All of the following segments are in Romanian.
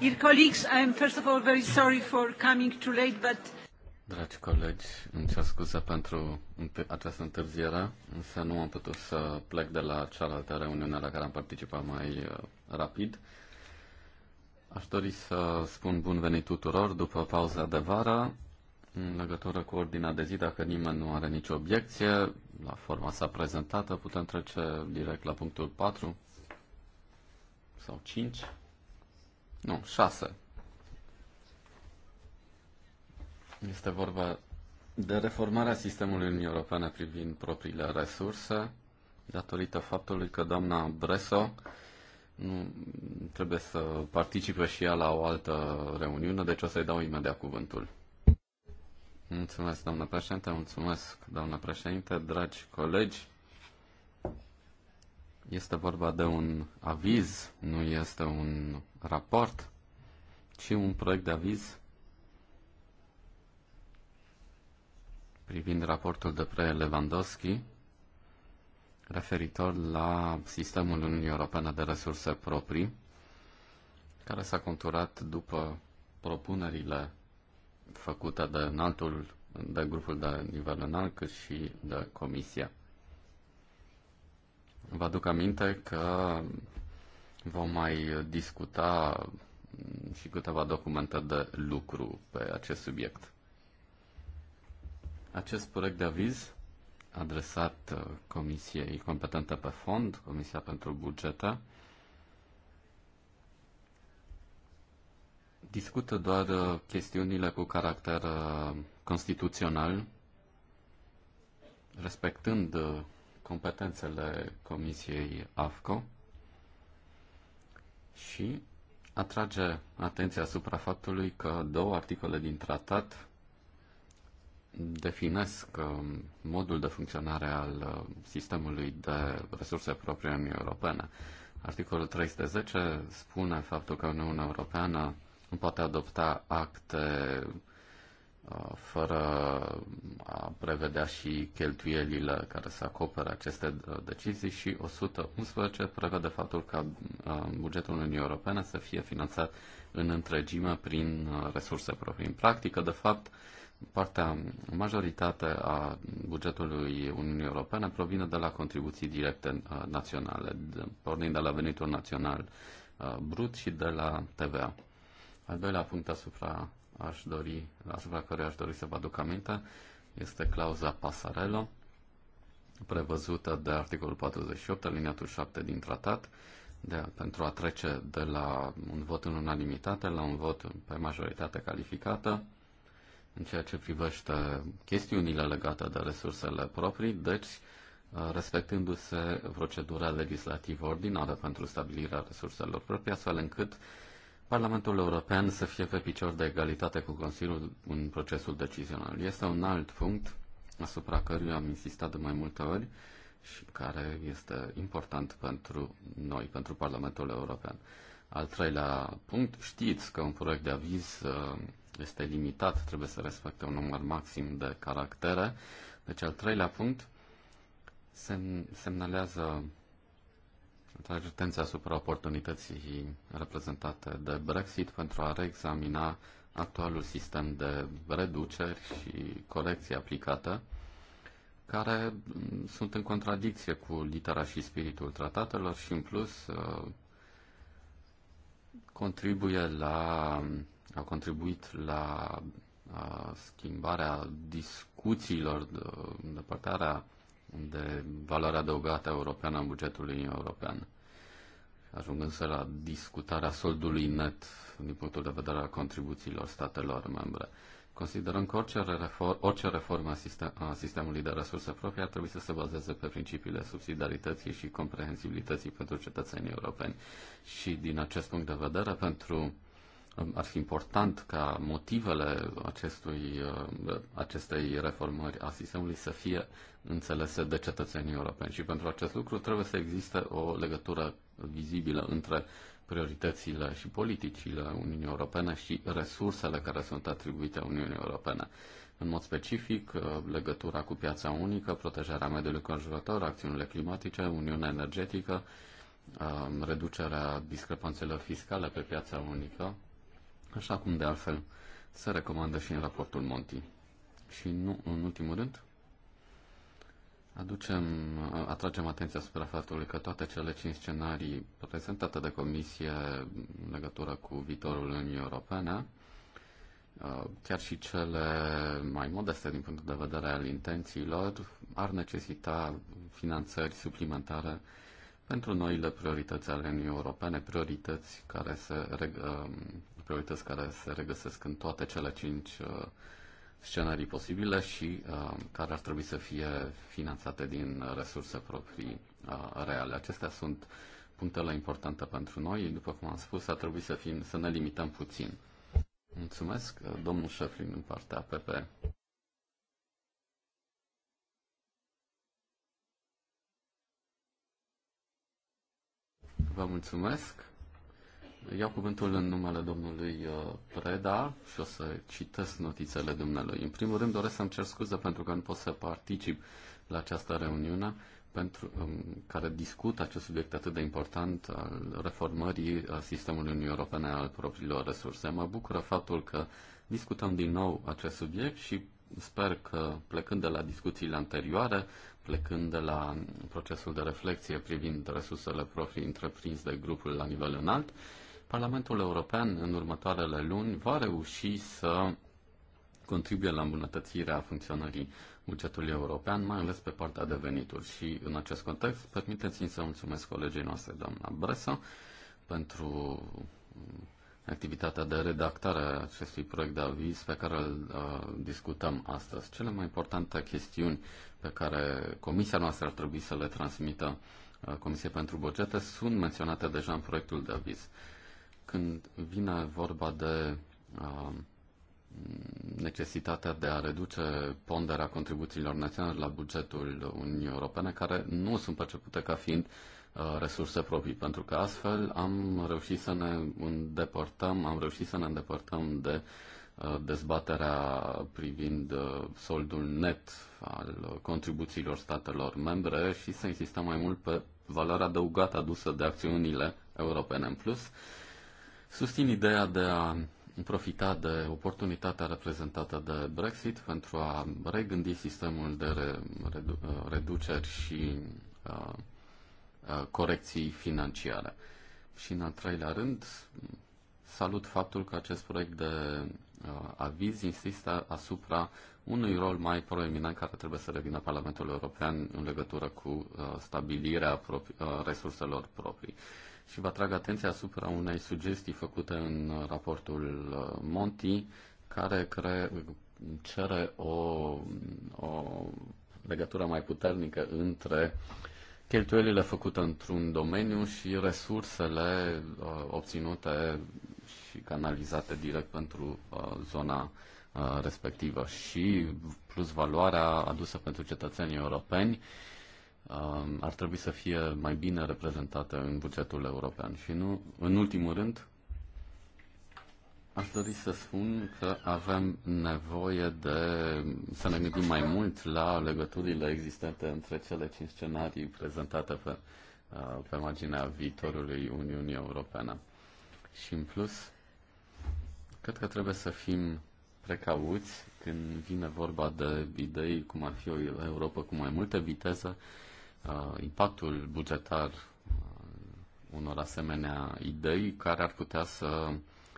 Dear colleagues, I am first of all very sorry for coming too late, but Dragi colegi, îmi cer scuze pentru această întârziere, însă nu am putut să plec de la cealaltă reuniune la care am participat mai uh, rapid. Aș dori să spun bun venit tuturor după pauza de vară. În legătură cu ordinea de zi, dacă nimeni nu are nicio obiecție, la forma sa prezentată, putem trece direct la punctul 4 sau 5. Nu, 6. Este vorba de reformarea sistemului Uniunii Europene privind propriile resurse, datorită faptului că doamna Breso nu trebuie să participe și ea la o altă reuniune, deci o să-i dau imediat cuvântul. Mulțumesc, doamnă președinte, mulțumesc, doamnă președinte, dragi colegi. Este vorba de un aviz, nu este un raport, ci un proiect de aviz privind raportul de pre-Lewandowski referitor la sistemul Uniunii Europene de resurse proprii, care s-a conturat după propunerile făcută de înaltul, de grupul de nivel înalt, cât și de comisia. Vă aduc aminte că vom mai discuta și câteva documente de lucru pe acest subiect. Acest proiect de aviz adresat uh, Comisiei competente pe fond, Comisia pentru Bugete, discută doar uh, chestiunile cu caracter uh, constituțional, respectând uh, competențele Comisiei AFCO și atrage atenția asupra faptului că două articole din tratat definesc modul de funcționare al sistemului de resurse proprii în Uniunii Europene. Articolul 310 spune faptul că Uniunea Europeană nu poate adopta acte uh, fără a prevedea și cheltuielile care să acopere aceste uh, decizii și 111 prevede faptul ca uh, bugetul Uniunii Europene să fie finanțat în întregime prin resurse proprii. În practică, de fapt, partea majoritate a bugetului Uniunii Europene provine de la contribuții directe naționale, pornind de la venitul național brut și de la TVA. Al doilea punct asupra, aș dori, asupra care aș dori să vă aduc aminte este clauza pasarelo, prevăzută de articolul 48, aliniatul 7 din tratat, de, pentru a trece de la un vot în unanimitate la un vot pe majoritate calificată în ceea ce privește chestiunile legate de resursele proprii, deci respectându-se procedura legislativă ordinară pentru stabilirea resurselor proprii, astfel încât Parlamentul European să fie pe picior de egalitate cu Consiliul în procesul decizional. Este un alt punct asupra căruia am insistat de mai multe ori și care este important pentru noi, pentru Parlamentul European. Al treilea punct, știți că un proiect de aviz uh, este limitat, trebuie să respecte un număr maxim de caractere. Deci al treilea punct semn- semnalează atrage atenția asupra oportunității reprezentate de Brexit pentru a reexamina actualul sistem de reduceri și corecții aplicate, care mm, sunt în contradicție cu litera și spiritul tratatelor și, în plus, uh, contribuie la, a contribuit la uh, schimbarea discuțiilor, uh, îndepărtarea de, de valoarea adăugată europeană a bugetului european. Ajungând să la discutarea soldului net din punctul de vedere al contribuțiilor statelor membre. Considerăm că orice, reform, orice reformă a, sistem, a sistemului de resurse proprii ar trebui să se bazeze pe principiile subsidiarității și comprehensibilității pentru cetățenii europeni. Și din acest punct de vedere, pentru ar fi important ca motivele acestui, uh, acestei reformări a sistemului să fie înțelese de cetățenii europeni și pentru acest lucru trebuie să existe o legătură vizibilă între prioritățile și politicile Uniunii Europene și resursele care sunt atribuite Uniunii Europene. În mod specific, uh, legătura cu piața unică, protejarea mediului conjurător, acțiunile climatice, Uniunea energetică, uh, reducerea discrepanțelor fiscale pe piața unică, așa cum de altfel se recomandă și în raportul Monti. Și nu, în ultimul rând, aducem, atragem atenția asupra faptului că toate cele cinci scenarii prezentate de Comisie în legătură cu viitorul Uniunii Europene, uh, chiar și cele mai modeste din punct de vedere al intențiilor, ar necesita finanțări suplimentare pentru noile priorități ale Uniunii Europene, priorități care se uh, priorități care se regăsesc în toate cele cinci uh, scenarii posibile și uh, care ar trebui să fie finanțate din resurse proprii uh, reale. Acestea sunt punctele importante pentru noi. După cum am spus, ar trebui să, fim, să ne limităm puțin. Mulțumesc, domnul Șeflin, în partea APP. Vă mulțumesc. Iau cuvântul în numele domnului uh, Preda și o să citesc notițele dumnealui. În primul rând doresc să-mi cer scuze pentru că nu pot să particip la această reuniune pentru, um, care discută acest subiect atât de important al reformării uh, sistemului Uniunii Europene al propriilor resurse. Mă bucură faptul că discutăm din nou acest subiect și sper că plecând de la discuțiile anterioare, plecând de la procesul de reflexie privind resursele proprii întreprins de grupul la nivel înalt, Parlamentul European în următoarele luni va reuși să contribuie la îmbunătățirea funcționării bugetului european, mai ales pe partea de venituri. Și în acest context, permiteți-mi să mulțumesc colegii noastre, doamna Bresa, pentru activitatea de redactare a acestui proiect de aviz pe care îl uh, discutăm astăzi. Cele mai importante chestiuni pe care comisia noastră ar trebui să le transmită uh, Comisiei pentru Bugete sunt menționate deja în proiectul de aviz. Când vine vorba de uh, necesitatea de a reduce ponderea contribuțiilor naționale la bugetul Uniunii Europene, care nu sunt percepute ca fiind uh, resurse proprii, pentru că astfel am reușit să ne îndepărtăm, am reușit să ne îndepărtăm de uh, dezbaterea privind soldul net al contribuțiilor statelor membre și să insistăm mai mult pe valoarea adăugată adusă de acțiunile europene în plus. Uh, Susțin ideea de a profita de oportunitatea reprezentată de Brexit pentru a regândi sistemul de re, redu, reduceri și uh, uh, corecții financiare. Și în al treilea rând, salut faptul că acest proiect de uh, aviz insistă asupra unui rol mai proeminent care trebuie să revină Parlamentul European în legătură cu uh, stabilirea propri, uh, resurselor proprii. Uh, și vă atrag atenția asupra unei sugestii făcute în raportul uh, Monti, care cre- cere o, o legătură mai puternică între cheltuielile făcute într-un domeniu și resursele uh, obținute și canalizate direct pentru uh, zona uh, respectivă și plus valoarea adusă pentru cetățenii europeni uh, Um, ar trebui să fie mai bine reprezentată în bugetul european. Și nu, în ultimul rând, aș dori să spun că avem nevoie de să ne gândim mai mult la legăturile existente între cele cinci scenarii prezentate pe, uh, pe marginea viitorului Uniunii Europene. Și în plus, cred că trebuie să fim precauți când vine vorba de idei cum ar fi o Europa cu mai multe viteze, Uh, impactul bugetar uh, unor asemenea idei care ar putea să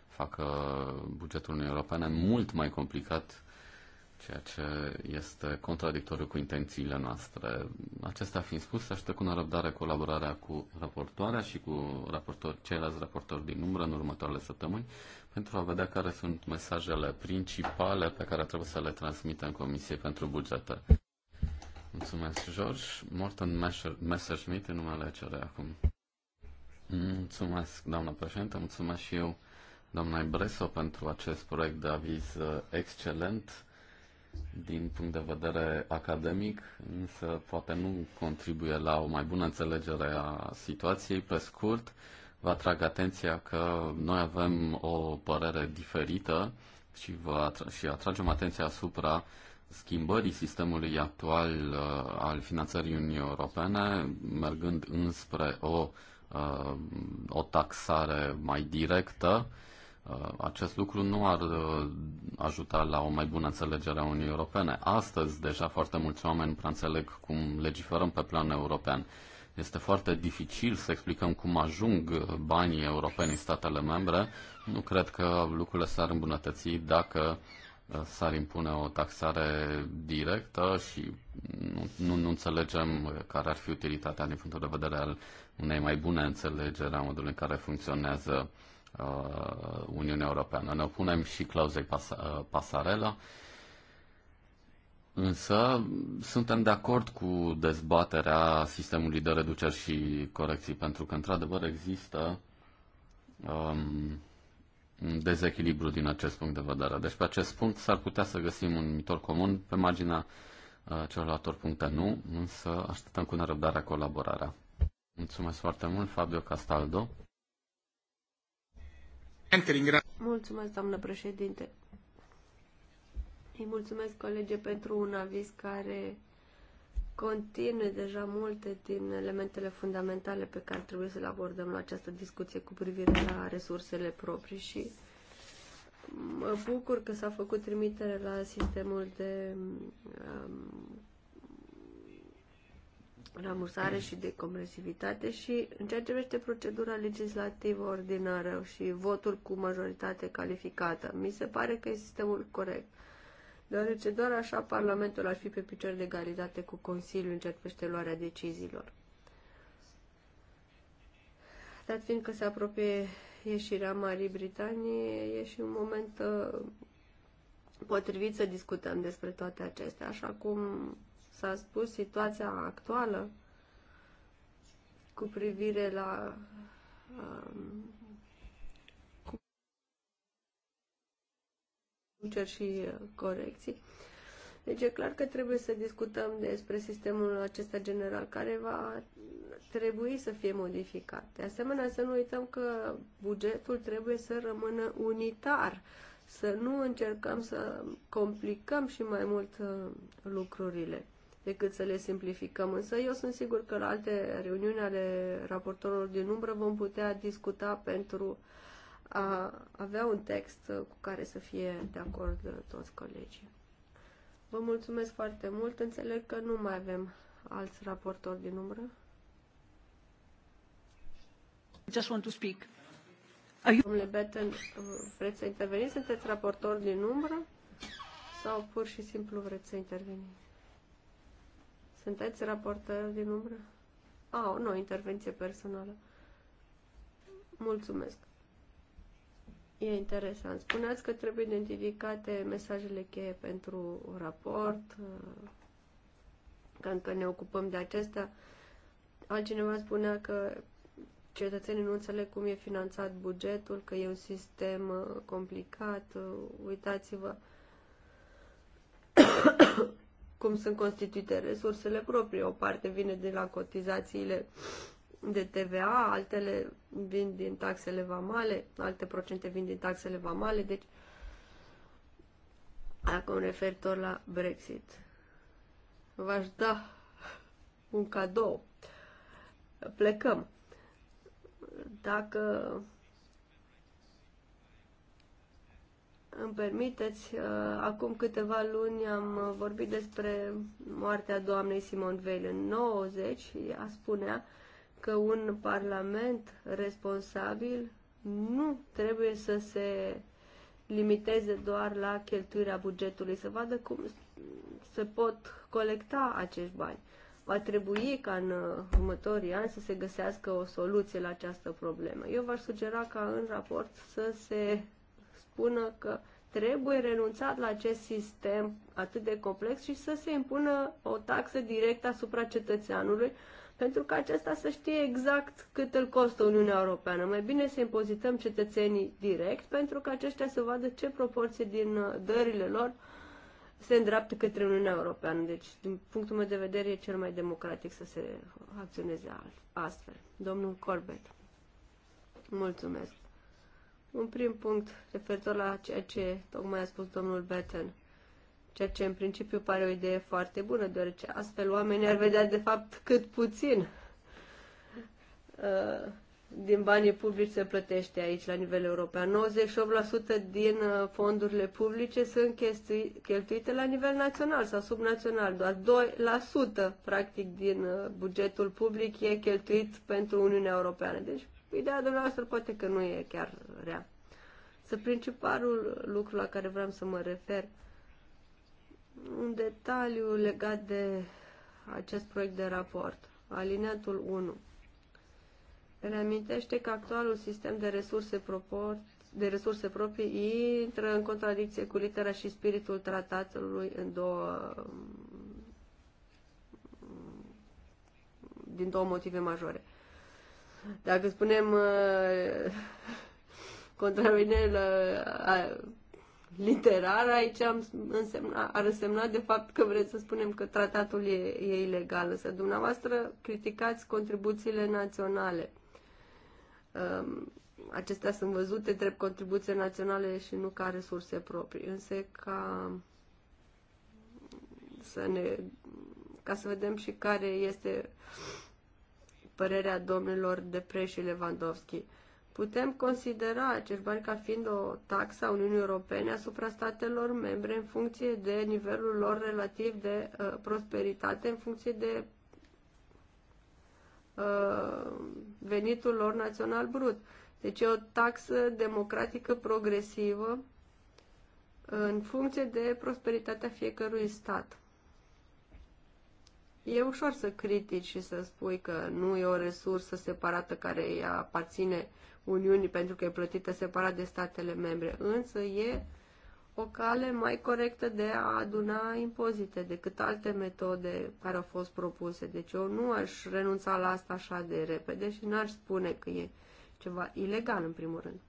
facă bugetul Uniunii Europene mult mai complicat, ceea ce este contradictoriu cu intențiile noastre. Acestea fiind spus, aștept cu nerăbdare colaborarea cu raportoarea și cu raportor, ceilalți raportori din umbră în următoarele săptămâni pentru a vedea care sunt mesajele principale pe care trebuie să le transmitem Comisiei pentru bugete. Mulțumesc, George. Morton Messerschmidt în numele CR acum. Mulțumesc, doamna președinte, mulțumesc și eu, doamna Ibreso, pentru acest proiect de aviz uh, excelent din punct de vedere academic, însă poate nu contribuie la o mai bună înțelegere a situației. Pe scurt, vă atrag atenția că noi avem o părere diferită și vă atra- și atragem atenția asupra uh, schimbării sistemului actual uh, al finanțării Uniunii Europene, mergând înspre o, uh, o taxare mai directă, uh, acest lucru nu ar ajuta la o mai bună înțelegere a Uniunii Europene. Astăzi, deja foarte mulți oameni prea înțeleg cum legiferăm pe plan european. Este foarte dificil să explicăm cum ajung banii europeni în statele membre. Nu cred că lucrurile s-ar îmbunătăți dacă uh, s-ar impune o taxare directă și nu, nu, nu înțelegem care ar fi utilitatea din punctul de vedere al unei mai bune înțelegeri a modului în care funcționează uh, Uniunea Europeană. Ne opunem și clauzei pas- uh, pasarelă, însă suntem de acord cu dezbaterea sistemului de reduceri și corecții, pentru că, într-adevăr, există um, dezechilibru din acest punct de vedere. Deci pe acest punct s-ar putea să găsim un numitor comun pe marginea uh, puncte nu, însă așteptăm cu nerăbdare colaborarea. Mulțumesc foarte mult, Fabio Castaldo. Mulțumesc, doamnă președinte. Îi mulțumesc, colege, pentru un aviz care continue deja multe din elementele fundamentale pe care trebuie să le abordăm la această discuție cu privire la resursele proprii și mă bucur că s-a făcut trimitere la sistemul de um, ramursare și de compresivitate și în ceea ce privește procedura legislativă ordinară și votul cu majoritate calificată. Mi se pare că e sistemul corect deoarece doar așa Parlamentul ar fi pe picior de egalitate cu Consiliul în ceea ce privește luarea deciziilor. Dat fiind că se apropie ieșirea Marii Britanii, e și un moment uh, potrivit să discutăm despre toate acestea. Așa cum s-a spus, situația actuală cu privire la um, cer și uh, corecții. Deci e clar că trebuie să discutăm despre sistemul acesta general care va trebui să fie modificat. De asemenea, să nu uităm că bugetul trebuie să rămână unitar, să nu încercăm să complicăm și mai mult uh, lucrurile decât să le simplificăm. Însă eu sunt sigur că la alte reuniuni ale raportorilor din umbră vom putea discuta pentru uh, a avea un text uh, cu care să fie de acord uh, toți colegii. Vă mulțumesc foarte mult. Înțeleg că nu mai avem alți raportori din umbră. Just want to speak. You... Domnule Betten, uh, vreți să interveniți? Sunteți raportor din umbră? Sau pur și simplu vreți să interveniți? Sunteți raportor din umbră? A, ah, nu, intervenție personală. Mulțumesc. E interesant. Spuneați că trebuie identificate mesajele cheie pentru raport, că încă ne ocupăm de acestea. Altcineva spunea că cetățenii nu înțeleg cum e finanțat bugetul, că e un sistem uh, complicat. Uh, uitați-vă cum sunt constituite resursele proprii. O parte vine de la cotizațiile de TVA, altele vin din taxele vamale, alte procente vin din taxele vamale, deci acum referitor la Brexit. V-aș da un cadou. Plecăm. Dacă îmi permiteți, uh, acum câteva luni am vorbit despre moartea doamnei Simon Veil în 90 și ea spunea că un parlament responsabil nu trebuie să se limiteze doar la cheltuirea bugetului, să vadă cum se pot colecta acești bani. Va trebui ca în următorii ani să se găsească o soluție la această problemă. Eu v-aș sugera ca în raport să se spună că trebuie renunțat la acest sistem atât de complex și să se impună o taxă directă asupra cetățeanului pentru că acesta să știe exact cât îl costă Uniunea Europeană. Mai bine să impozităm cetățenii direct pentru că aceștia să vadă ce proporție din uh, dările lor se îndreaptă către Uniunea Europeană. Deci, din punctul meu de vedere, e cel mai democratic să se acționeze astfel. Domnul Corbett. Mulțumesc. Un prim punct referitor la ceea ce tocmai a spus domnul Betten ceea ce în principiu pare o idee foarte bună, deoarece astfel oamenii ar vedea de fapt cât puțin uh, din banii publici se plătește aici la nivel european. 98% din uh, fondurile publice sunt cheltuite la nivel național sau subnațional. Doar 2% practic din uh, bugetul public e cheltuit pentru Uniunea Europeană. Deci ideea dumneavoastră poate că nu e chiar rea. Să principalul lucru la care vreau să mă refer un detaliu legat de acest proiect de raport, alineatul 1. Reamintește că actualul sistem de resurse de resurse proprii intră în contradicție cu litera și spiritul tratatului în două din două motive majore. Dacă spunem uh, contravine la literar aici am însemna, ar însemna de fapt că vreți să spunem că tratatul e, e ilegal, însă dumneavoastră criticați contribuțiile naționale. Um, acestea sunt văzute drept contribuții naționale și nu ca resurse proprii. Însă ca să ne ca să vedem și care este părerea domnilor Depre și Lewandowski. Uh, Putem considera acești bani ca fiind o taxă a Uniunii Europene asupra statelor membre în funcție de nivelul lor relativ de uh, prosperitate, în funcție de uh, venitul lor național brut. Deci e o taxă democratică progresivă uh, în funcție de prosperitatea fiecărui stat. E ușor să critici și să spui că nu e o resursă separată care îi aparține Uniunii pentru că e plătită separat de statele membre, însă e o cale mai corectă de a aduna impozite decât alte metode care au fost propuse. Deci eu nu aș renunța la asta așa de repede și n-aș spune că e ceva ilegal în primul rând.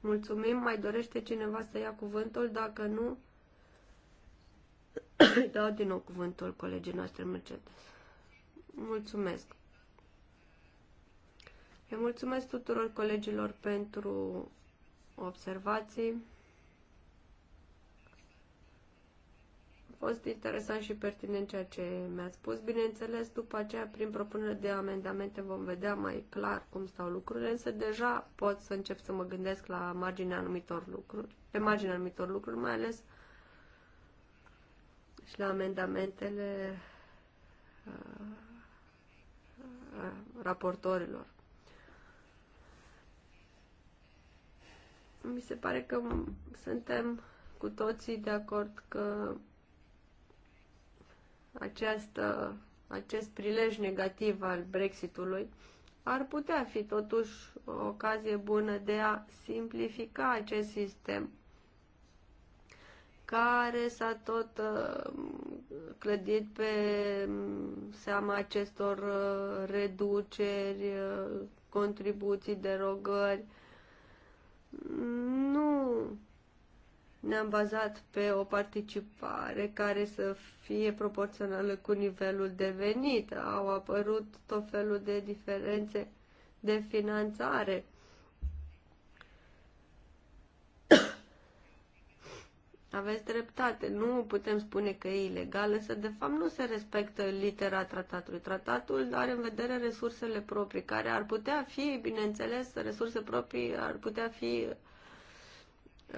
Mulțumim, mai dorește cineva să ia cuvântul? Dacă nu, îi dau din nou cuvântul colegii noastre Mercedes. Mulțumesc. Le mulțumesc tuturor colegilor pentru observații. A fost interesant și pertinent ceea ce mi-a spus. Bineînțeles, după aceea, prin propunerea de amendamente, vom vedea mai clar cum stau lucrurile, însă deja pot să încep să mă gândesc la marginea anumitor lucruri, pe marginea anumitor lucruri, mai ales și la amendamentele uh, uh, raportorilor. Mi se pare că suntem cu toții de acord că această, acest prilej negativ al Brexitului ar putea fi totuși o ocazie bună de a simplifica acest sistem care s-a tot uh, clădit pe seama acestor uh, reduceri, uh, contribuții, derogări. Nu ne-am bazat pe o participare care să fie proporțională cu nivelul de venit. Au apărut tot felul de diferențe de finanțare Aveți dreptate, nu putem spune că e ilegal, însă de fapt nu se respectă litera tratatului. Tratatul are în vedere resursele proprii, care ar putea fi, bineînțeles, resurse proprii ar putea fi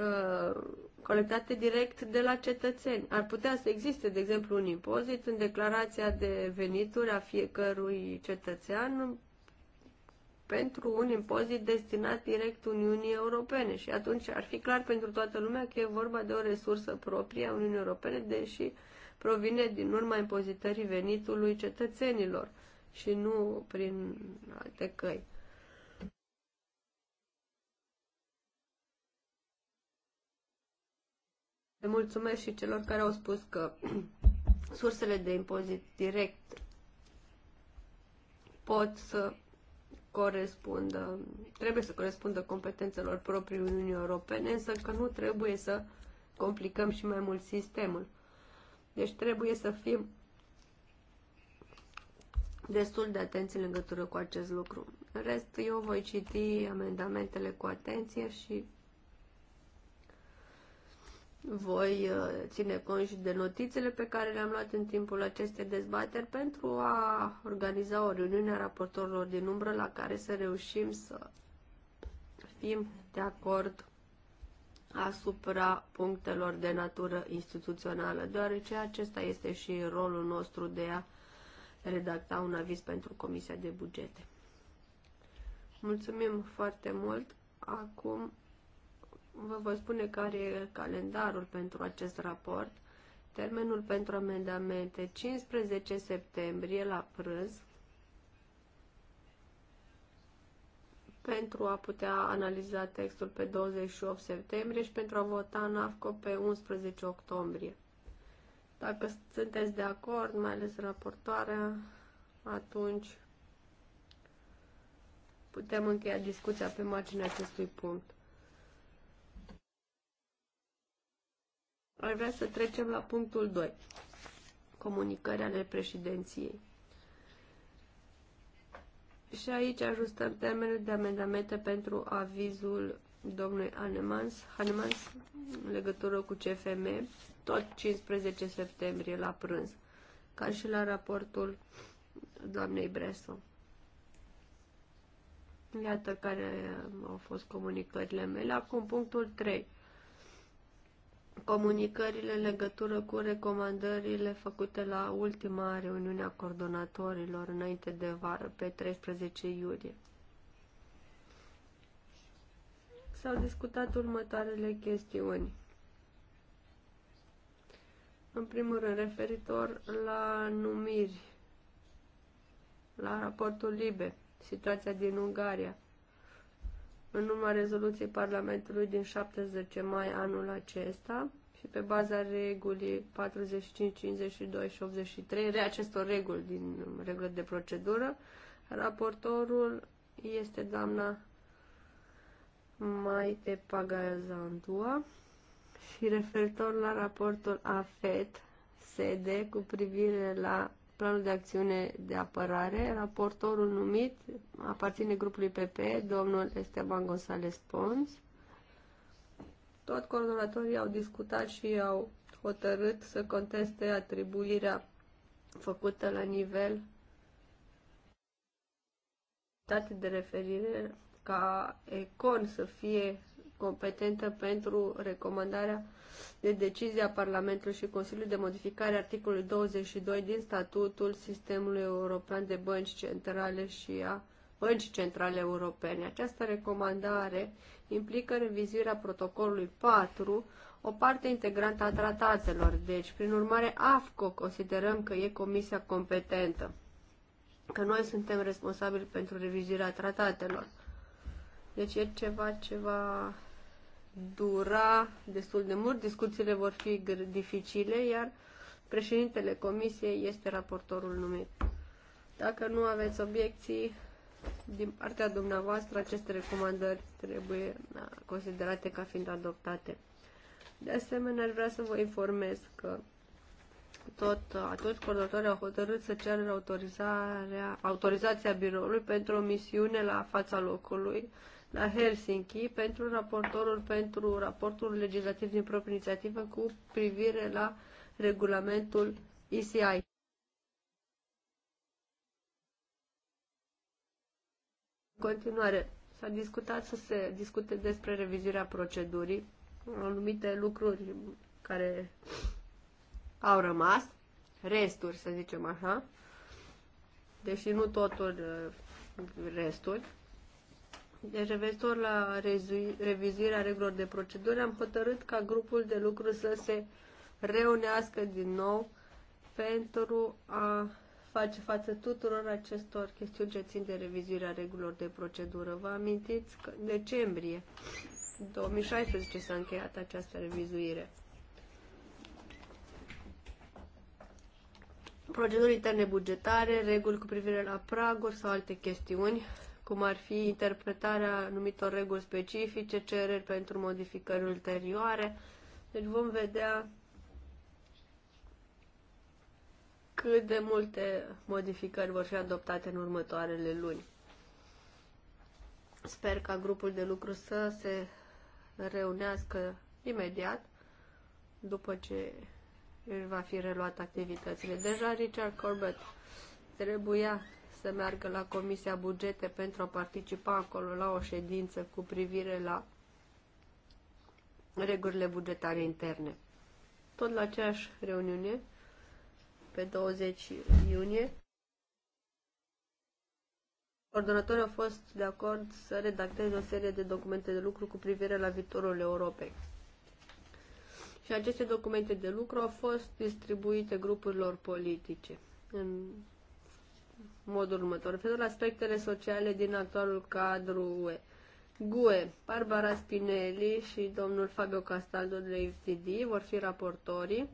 uh, colectate direct de la cetățeni. Ar putea să existe, de exemplu, un impozit în declarația de venituri a fiecărui cetățean pentru un impozit destinat direct Uniunii Europene și atunci ar fi clar pentru toată lumea că e vorba de o resursă proprie a Uniunii Europene, deși provine din urma impozitării venitului cetățenilor și nu prin alte căi. Le mulțumesc și celor care au spus că sursele de impozit direct pot să corespundă, trebuie să corespundă competențelor proprii Uniunii Europene, însă că nu trebuie să complicăm și mai mult sistemul. Deci trebuie să fim destul de atenți în legătură cu acest lucru. În rest, eu voi citi amendamentele cu atenție și voi uh, ține cont și de notițele pe care le-am luat în timpul acestei dezbateri pentru a organiza o reuniune a raportorilor din umbră la care să reușim să fim de acord asupra punctelor de natură instituțională, deoarece acesta este și rolul nostru de a redacta un aviz pentru Comisia de Bugete. Mulțumim foarte mult! Acum Vă voi spune care e calendarul pentru acest raport. Termenul pentru amendamente 15 septembrie la prânz pentru a putea analiza textul pe 28 septembrie și pentru a vota în AFCO pe 11 octombrie. Dacă sunteți de acord, mai ales raportoarea, atunci putem încheia discuția pe marginea acestui punct. ar vrea să trecem la punctul 2. Comunicări ale președinției. Și aici ajustăm termenul de amendamente pentru avizul domnului Hanemans, Hanemans în legătură cu CFM, tot 15 septembrie la prânz, ca și la raportul doamnei Bresso. Iată care au fost comunicările mele. Acum punctul 3 comunicările în legătură cu recomandările făcute la ultima reuniune a coordonatorilor înainte de vară, pe 13 iulie. S-au discutat următoarele chestiuni. În primul rând, referitor la numiri, la raportul LIBE, situația din Ungaria în urma rezoluției Parlamentului din 17 mai anul acesta și pe baza regulii 45, 52 și 83, re acestor reguli din regulă de procedură, raportorul este doamna Maite Pagazandua și referitor la raportul AFET, sede cu privire la planul de acțiune de apărare. Raportorul numit aparține grupului PP, domnul Esteban González Pons. Tot coordonatorii au discutat și au hotărât să conteste atribuirea făcută la nivel date de referire ca Econ să fie competentă pentru recomandarea de decizie a Parlamentului și Consiliului de modificare articolului 22 din statutul Sistemului European de Bănci Centrale și a Băncii Centrale Europene. Această recomandare implică revizuirea protocolului 4, o parte integrantă a tratatelor, deci, prin urmare, AFCO considerăm că e comisia competentă, că noi suntem responsabili pentru revizuirea tratatelor. Deci e ceva ceva dura destul de mult, discuțiile vor fi dificile, iar președintele comisiei este raportorul numit. Dacă nu aveți obiecții, din partea dumneavoastră, aceste recomandări trebuie uh, considerate ca fiind adoptate. De asemenea, aș vrea să vă informez că tot, uh, atunci coordonatorii au hotărât să ceră autorizarea, autorizația biroului pentru o misiune la fața locului la Helsinki pentru raportorul pentru raportul legislativ din proprie inițiativă cu privire la regulamentul ECI. În continuare, s-a discutat să se discute despre revizuirea procedurii, anumite lucruri care au rămas, resturi, să zicem așa, deși nu totul uh, resturi. Deci, revestor la revizuirea regulilor de procedură, am hotărât ca grupul de lucru să se reunească din nou pentru a face față tuturor acestor chestiuni ce țin de revizuirea regulilor de procedură. Vă amintiți că în decembrie 2016 s-a încheiat această revizuire. Proceduri interne bugetare, reguli cu privire la praguri sau alte chestiuni cum ar fi interpretarea anumitor reguli specifice, cereri pentru modificări ulterioare. Deci vom vedea cât de multe modificări vor fi adoptate în următoarele luni. Sper ca grupul de lucru să se reunească imediat după ce își va fi reluat activitățile. Deja Richard Corbett trebuia să meargă la Comisia Bugete pentru a participa acolo la o ședință cu privire la regulile bugetare interne. Tot la aceeași reuniune, pe 20 iunie, coordonatorii au fost de acord să redacteze o serie de documente de lucru cu privire la viitorul Europei. Și aceste documente de lucru au fost distribuite grupurilor politice în modul următor. Referitor la aspectele sociale din actualul cadru UE. GUE, Barbara Spinelli și domnul Fabio Castaldo de FTD vor fi raportorii.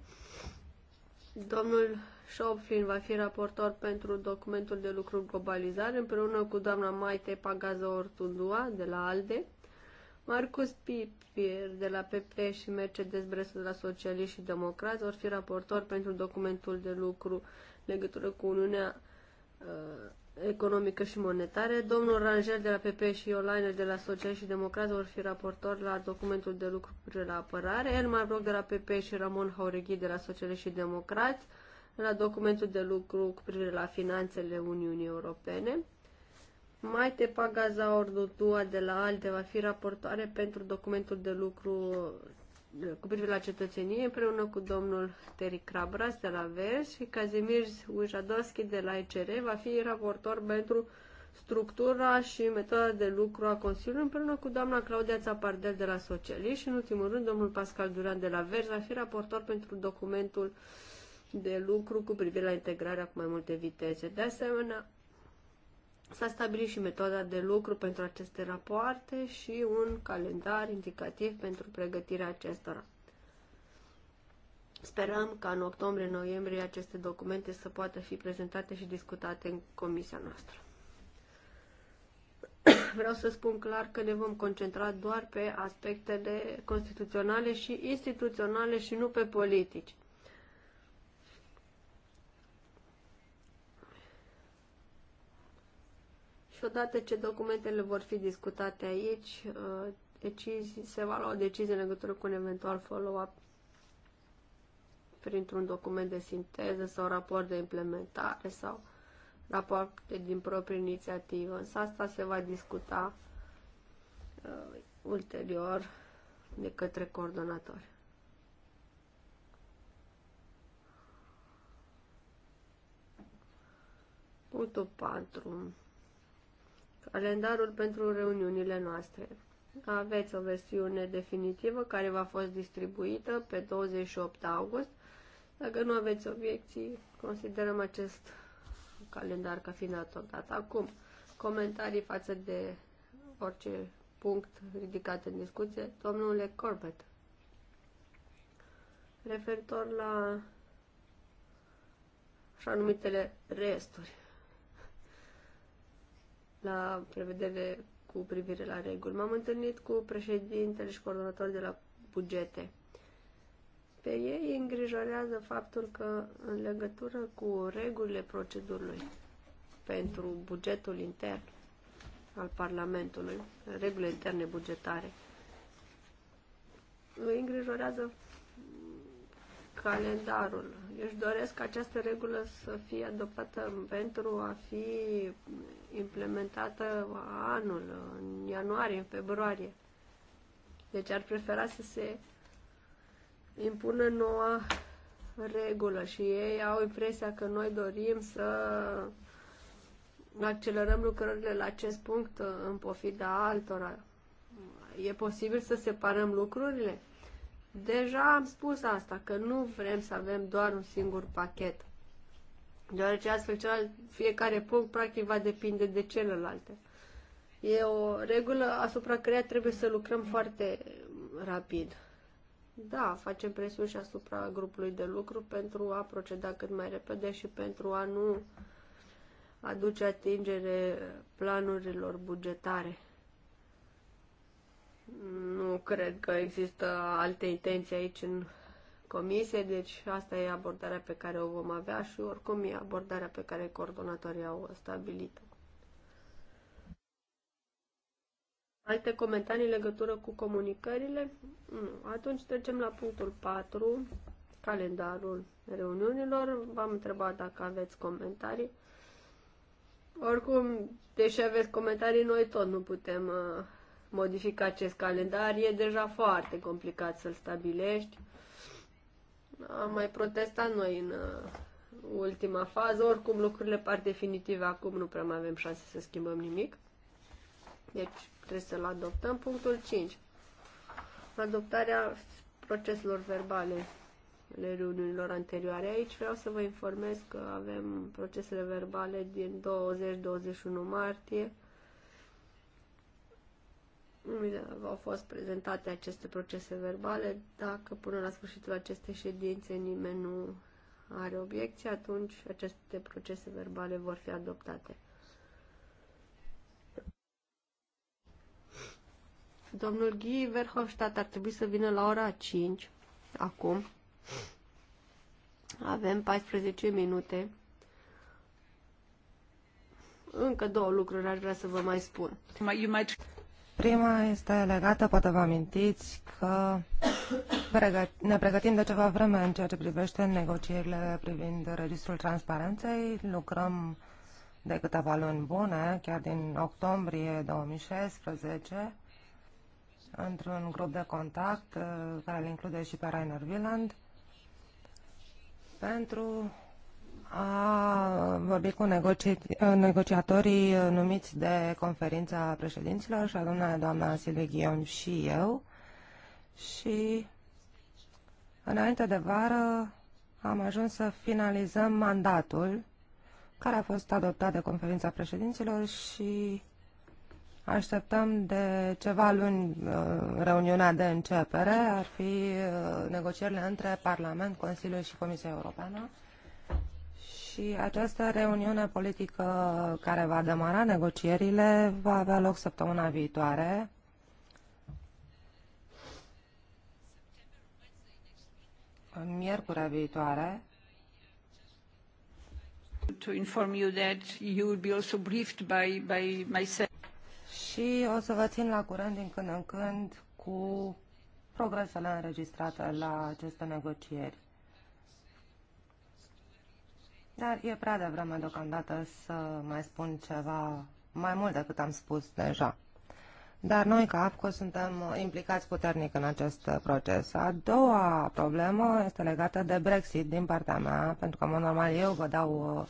Domnul Șopflin va fi raportor pentru documentul de lucru globalizare împreună cu doamna Maite Pagaza Ortundua de la ALDE, Marcus Pipier de la PP și Mercedes Bresu de la Socialiști și Democrați vor fi raportor pentru documentul de lucru legătură cu Uniunea Uh, economică și monetare. Domnul Rangel de la PP și Olainer de la Social și Democrat vor fi raportori la documentul de lucru la apărare. Elmar Brock de la PP și Ramon Haureghi de la Social și Democrat la documentul de lucru cu privire la finanțele Uniunii Europene. Maite Pagaza Ordutua de la ALDE va fi raportoare pentru documentul de lucru cu privire la cetățenie împreună cu domnul Terry Crabras de la Vers și Kazimir Ujadovski de la ECR va fi raportor pentru structura și metoda de lucru a Consiliului împreună cu doamna Claudia Țapardel de la Socialiști și în ultimul rând domnul Pascal Duran de la Vers va fi raportor pentru documentul de lucru cu privire la integrarea cu mai multe viteze. De asemenea, S-a stabilit și metoda de lucru pentru aceste rapoarte și un calendar indicativ pentru pregătirea acestora. Sperăm ca în octombrie-noiembrie aceste documente să poată fi prezentate și discutate în comisia noastră. Vreau să spun clar că ne vom concentra doar pe aspectele constituționale și instituționale și nu pe politici. și odată ce documentele vor fi discutate aici, uh, decizi, se va lua o decizie în legătură cu un eventual follow-up printr-un document de sinteză sau raport de implementare sau rapoarte din proprie inițiativă. Însă asta se va discuta uh, ulterior de către coordonatori. Punctul 4 calendarul pentru reuniunile noastre. Aveți o versiune definitivă care v-a fost distribuită pe 28 august. Dacă nu aveți obiecții, considerăm acest calendar ca fiind adoptat. Acum, comentarii față de orice punct ridicat în discuție. Domnule Corbett, referitor la așa numitele resturi la prevedere cu privire la reguli. M-am întâlnit cu președintele și coordonatorul de la bugete. Pe ei îngrijorează faptul că în legătură cu regulile procedurilor pentru bugetul intern al Parlamentului, regulile interne bugetare, îi îngrijorează calendarul. Își deci doresc această regulă să fie adoptată pentru a fi implementată anul, în ianuarie, în februarie. Deci ar prefera să se impună noua regulă și ei au impresia că noi dorim să accelerăm lucrările la acest punct în pofida altora. E posibil să separăm lucrurile? Deja am spus asta, că nu vrem să avem doar un singur pachet, deoarece astfel celălalt, fiecare punct practic va depinde de celelalte. E o regulă asupra căreia trebuie să lucrăm foarte rapid. Da, facem presiuni și asupra grupului de lucru pentru a proceda cât mai repede și pentru a nu aduce atingere planurilor bugetare. Nu cred că există alte intenții aici în comisie, deci asta e abordarea pe care o vom avea și oricum e abordarea pe care coordonatorii au stabilit Alte comentarii în legătură cu comunicările? Nu. Atunci trecem la punctul 4, calendarul reuniunilor. V-am întrebat dacă aveți comentarii. Oricum, deși aveți comentarii, noi tot nu putem uh, modifica acest calendar. E deja foarte complicat să-l stabilești. Am mai protestat noi în uh, ultima fază. Oricum, lucrurile par definitive acum, nu prea mai avem șanse să schimbăm nimic. Deci, trebuie să-l adoptăm. Punctul 5. Adoptarea proceselor verbale ale reuniunilor anterioare. Aici vreau să vă informez că avem procesele verbale din 20-21 martie, nu au fost prezentate aceste procese verbale. Dacă până la sfârșitul acestei ședințe nimeni nu are obiecții, atunci aceste procese verbale vor fi adoptate. Domnul Guy Verhofstadt ar trebui să vină la ora 5, acum. Avem 14 minute. Încă două lucruri aș vrea să vă mai spun. You might... Prima este legată, poate vă amintiți, că ne pregătim de ceva vreme în ceea ce privește negocierile privind Registrul Transparenței. Lucrăm de câteva luni bune, chiar din octombrie 2016, într-un grup de contact uh, care îl include și pe Rainer Wieland, pentru a vorbit cu negoci negociatorii numiți de conferința președinților și anume doamna Silvie Ghion și eu și înainte de vară am ajuns să finalizăm mandatul care a fost adoptat de conferința președinților și Așteptăm de ceva luni uh, reuniunea de începere, ar fi uh, negocierile între Parlament, Consiliu și Comisia Europeană și această reuniune politică care va demara negocierile va avea loc săptămâna viitoare. În miercurea viitoare. To inform you that you will be also briefed by, by myself. Și o să vă țin la curent din când în când cu progresele înregistrate la aceste negocieri. Dar e prea devreme deocamdată să mai spun ceva mai mult decât am spus deja. Dar noi, ca AFCO, suntem implicați puternic în acest proces. A doua problemă este legată de Brexit din partea mea, pentru că, în mod normal, eu vă dau,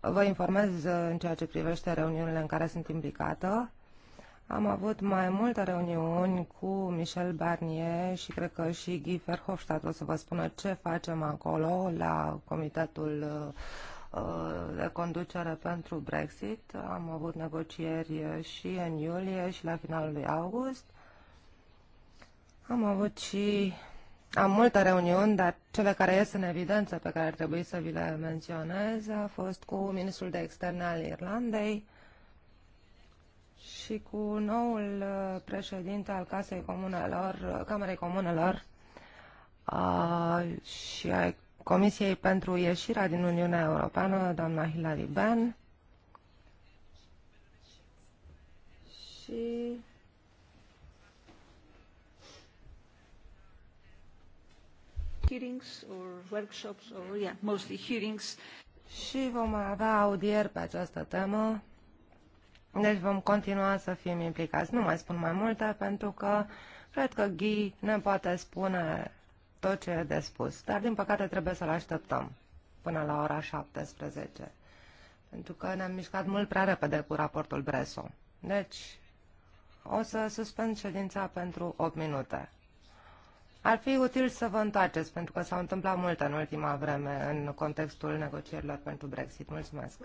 vă informez în ceea ce privește reuniunile în care sunt implicată am avut mai multe reuniuni cu Michel Barnier și cred că și Guy Verhofstadt o să vă spună ce facem acolo la Comitetul uh, de conducere pentru Brexit. Am avut negocieri și în iulie și la finalul lui august. Am avut și am multe reuniuni, dar cele care ies în evidență pe care ar trebui să vi le menționez a fost cu ministrul de externe al Irlandei, și cu noul uh, președinte al Casei Comunelor, Camerei Comunelor a, și a Comisiei pentru ieșirea din Uniunea Europeană, doamna Hilary Ben și hearings or workshops or yeah, mostly hearings. Și vom avea audieri pe această temă deci vom continua să fim implicați. Nu mai spun mai multe pentru că cred că Ghi ne poate spune tot ce e de spus, dar din păcate trebuie să-l așteptăm până la ora 17, pentru că ne-am mișcat mult prea repede cu raportul Breso. Deci, o să suspend ședința pentru 8 minute. Ar fi util să vă întoarceți, pentru că s-au întâmplat multe în ultima vreme în contextul negocierilor pentru Brexit. Mulțumesc!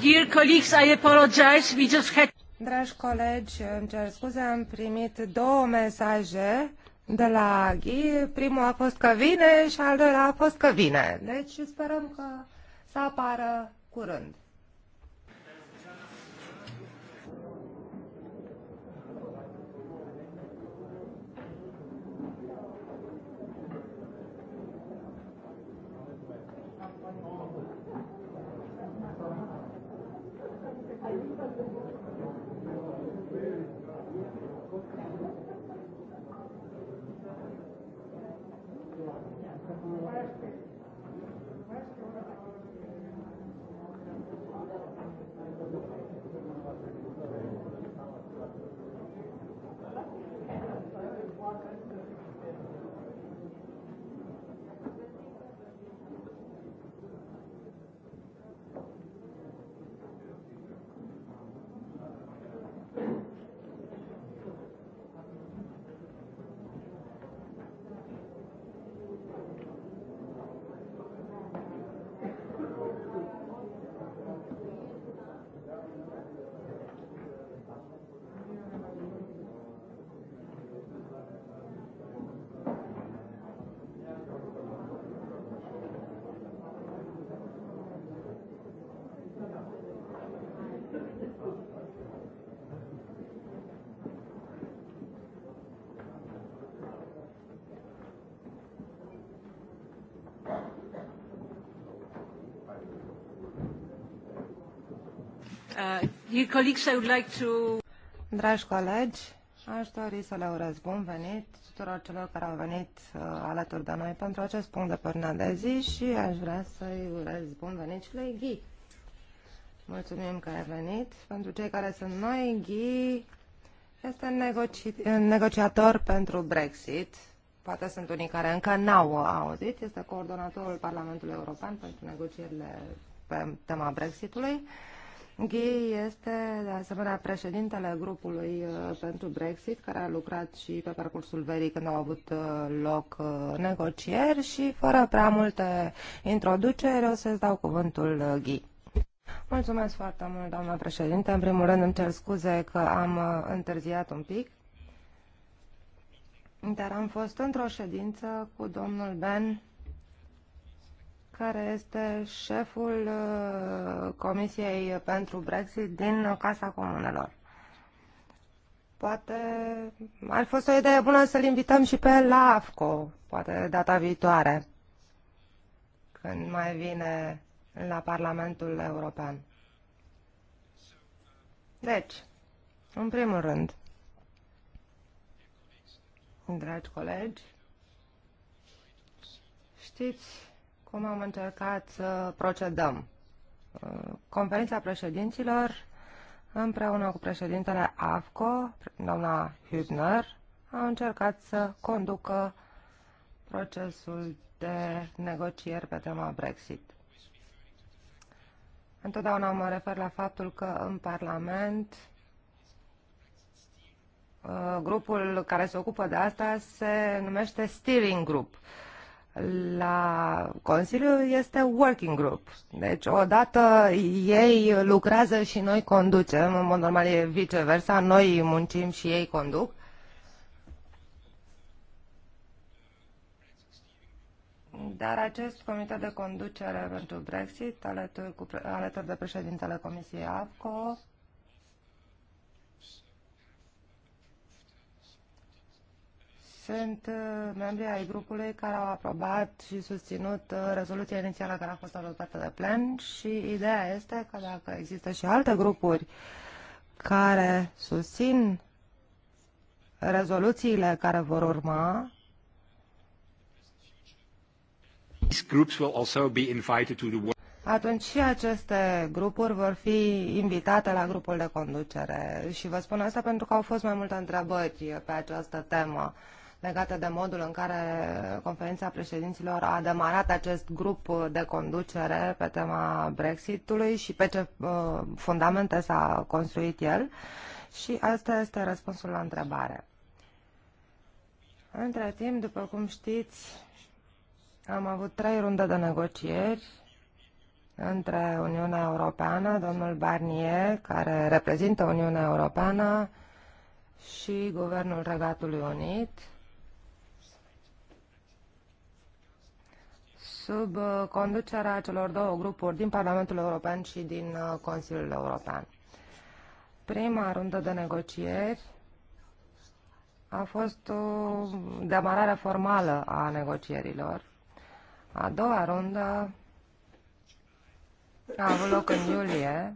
Dear colleagues, I apologize. We just had... Dragi colegi, îmi cer scuze, am primit două mesaje de la Aghi. Primul a fost că vine și al doilea a fost că vine. Deci sperăm că să apară curând. Dragi colegi, aș dori să le urez bun venit tuturor celor care au venit uh, alături de noi pentru acest punct de pernă de zi și aș vrea să-i urez bun venit și lui Ghi. Mulțumim că ai venit. Pentru cei care sunt noi, Ghi este negoci negociator pentru Brexit. Poate sunt unii care încă n-au auzit. Este coordonatorul Parlamentului European pentru negocierile pe tema Brexitului. ului Guy este, de asemenea, președintele grupului uh, pentru Brexit, care a lucrat și pe parcursul verii când au avut uh, loc uh, negocieri și, fără prea multe introduceri, o să-ți dau cuvântul Guy. Mulțumesc foarte mult, doamna președinte. În primul rând îmi cer scuze că am întârziat un pic, dar am fost într-o ședință cu domnul Ben care este șeful uh, Comisiei pentru Brexit din Casa Comunelor. Poate ar fost o idee bună să-l invităm și pe LAFCO, poate data viitoare, când mai vine la Parlamentul European. Deci, în primul rând, dragi colegi, știți cum am încercat să procedăm. Uh, Conferința președinților, împreună cu președintele AFCO, doamna Hübner, a încercat să conducă procesul de negocieri pe tema Brexit. Întotdeauna mă refer la faptul că în Parlament uh, grupul care se ocupă de asta se numește Steering Group la Consiliu este working group. Deci odată ei lucrează și noi conducem, în mod normal e viceversa, noi muncim și ei conduc. Dar acest comitet de conducere pentru Brexit, alături, cu, alături de președintele Comisiei AFCO, sunt uh, membri ai grupului care au aprobat și susținut uh, rezoluția inițială care a fost adoptată de plen și ideea este că dacă există și alte grupuri care susțin rezoluțiile care vor urma, atunci și aceste grupuri vor fi invitate la grupul de conducere. Și vă spun asta pentru că au fost mai multe întrebări pe această temă legată de modul în care conferința președinților a demarat acest grup de conducere pe tema Brexitului și pe ce uh, fundamente s-a construit el. Și asta este răspunsul la întrebare. Între timp, după cum știți, am avut trei runde de negocieri între Uniunea Europeană, domnul Barnier, care reprezintă Uniunea Europeană, și Guvernul Regatului Unit sub uh, conducerea celor două grupuri din Parlamentul European și din uh, Consiliul European. Prima rundă de negocieri a fost o demarare formală a negocierilor. A doua rundă a avut loc în iulie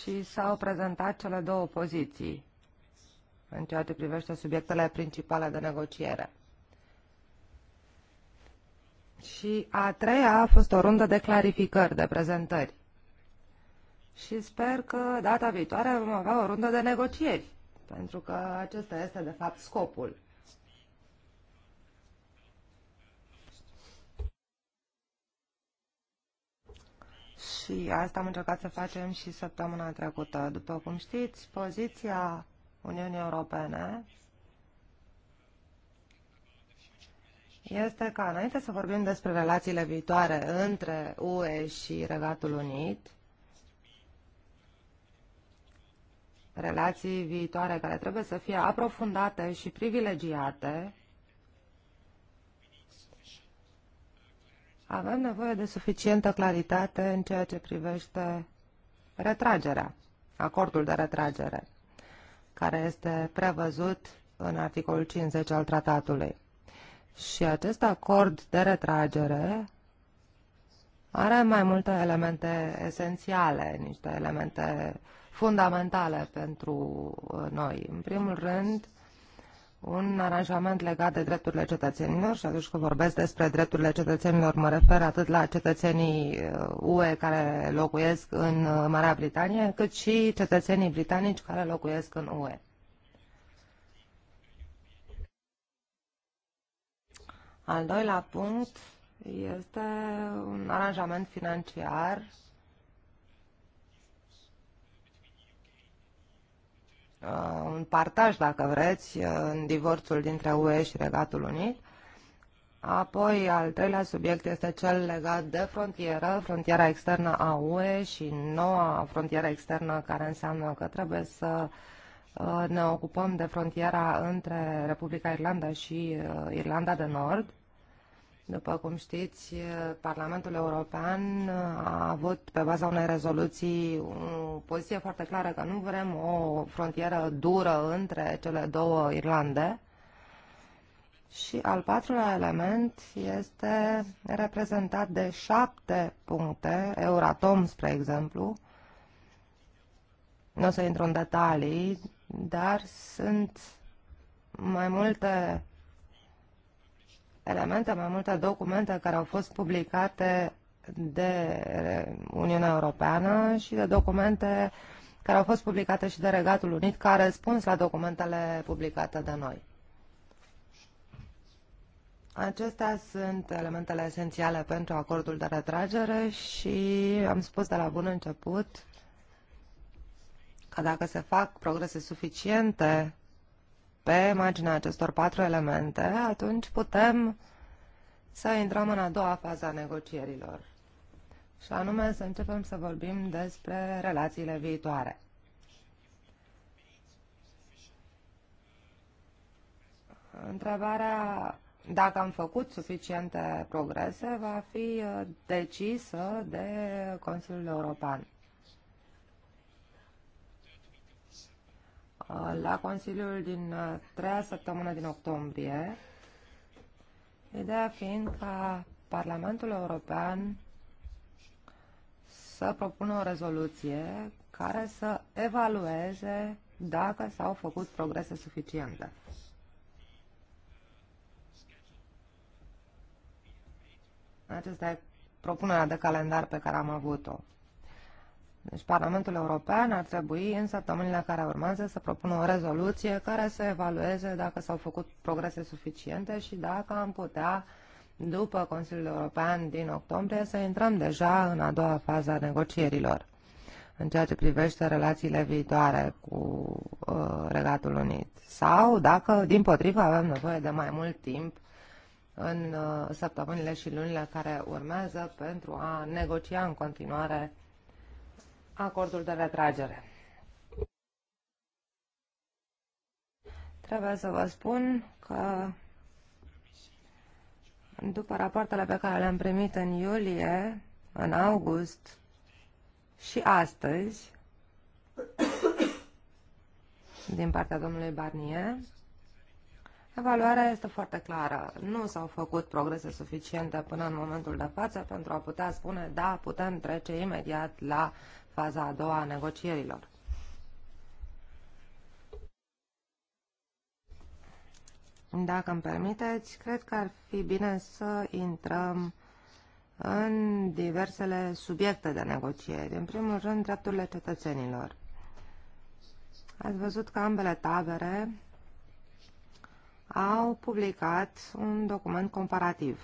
și s-au prezentat cele două poziții în ceea ce privește subiectele principale de negociere. Și a treia a fost o rundă de clarificări, de prezentări. Și sper că data viitoare vom avea o rundă de negocieri, pentru că acesta este de fapt scopul. Și asta am încercat să facem și săptămâna trecută. După cum știți, poziția Uniunii Europene este ca înainte să vorbim despre relațiile viitoare între UE și Regatul Unit, relații viitoare care trebuie să fie aprofundate și privilegiate, avem nevoie de suficientă claritate în ceea ce privește retragerea, acordul de retragere care este prevăzut în articolul 50 al tratatului. Și acest acord de retragere are mai multe elemente esențiale, niște elemente fundamentale pentru uh, noi. În primul rând, un aranjament legat de drepturile cetățenilor și atunci când vorbesc despre drepturile cetățenilor mă refer atât la cetățenii UE uh, care locuiesc în uh, Marea Britanie, cât și cetățenii britanici care locuiesc în UE. Al doilea punct este un aranjament financiar Uh, un partaj, dacă vreți, uh, în divorțul dintre UE și Regatul Unit. Apoi, al treilea subiect este cel legat de frontieră, frontiera externă a UE și noua frontieră externă, care înseamnă că trebuie să uh, ne ocupăm de frontiera între Republica Irlanda și Irlanda de Nord. După cum știți, Parlamentul European a avut, pe baza unei rezoluții, o poziție foarte clară că nu vrem o frontieră dură între cele două Irlande. Și al patrulea element este reprezentat de șapte puncte, Euratom, spre exemplu. Nu o să intru în detalii, dar sunt mai multe elemente, mai multe documente care au fost publicate de Uniunea Europeană și de documente care au fost publicate și de Regatul Unit ca răspuns la documentele publicate de noi. Acestea sunt elementele esențiale pentru acordul de retragere și am spus de la bun început că dacă se fac progrese suficiente pe marginea acestor patru elemente, atunci putem să intrăm în a doua fază a negocierilor, și anume să începem să vorbim despre relațiile viitoare. Întrebarea dacă am făcut suficiente progrese va fi uh, decisă de Consiliul European. la Consiliul din uh, treia săptămână din octombrie, ideea fiind ca Parlamentul European să propună o rezoluție care să evalueze dacă s-au făcut progrese suficiente. Acesta e propunerea de calendar pe care am avut-o. Deci Parlamentul European ar trebui în săptămânile care urmează să propună o rezoluție care să evalueze dacă s-au făcut progrese suficiente și dacă am putea, după Consiliul European din octombrie, să intrăm deja în a doua fază a negocierilor în ceea ce privește relațiile viitoare cu uh, Regatul Unit. Sau dacă, din potrivă, avem nevoie de mai mult timp în uh, săptămânile și lunile care urmează pentru a negocia în continuare acordul de retragere. Trebuie să vă spun că după rapoartele pe care le-am primit în iulie, în august și astăzi, din partea domnului Barnier, evaluarea este foarte clară. Nu s-au făcut progrese suficiente până în momentul de față pentru a putea spune, da, putem trece imediat la faza a doua a negocierilor. Dacă îmi permiteți, cred că ar fi bine să intrăm în diversele subiecte de negocieri. În primul rând, drepturile cetățenilor. Ați văzut că ambele tabere au publicat un document comparativ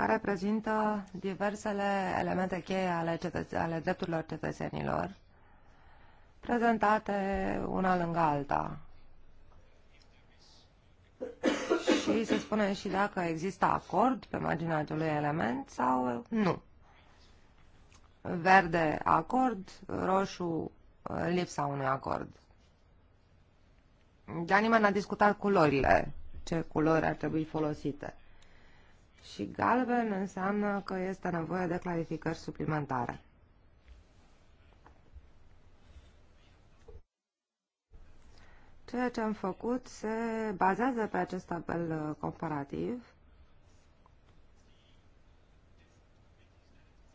care prezintă diversele elemente cheie ale, cetăț- ale drepturilor cetățenilor, prezentate una lângă alta. și se spune și dacă există acord pe marginea acelui element sau nu. Verde, acord, roșu, lipsa unui acord. Dar nimeni n-a discutat culorile, ce culori ar trebui folosite și galben înseamnă că este nevoie de clarificări suplimentare. Ceea ce am făcut se bazează pe acest tabel uh, comparativ.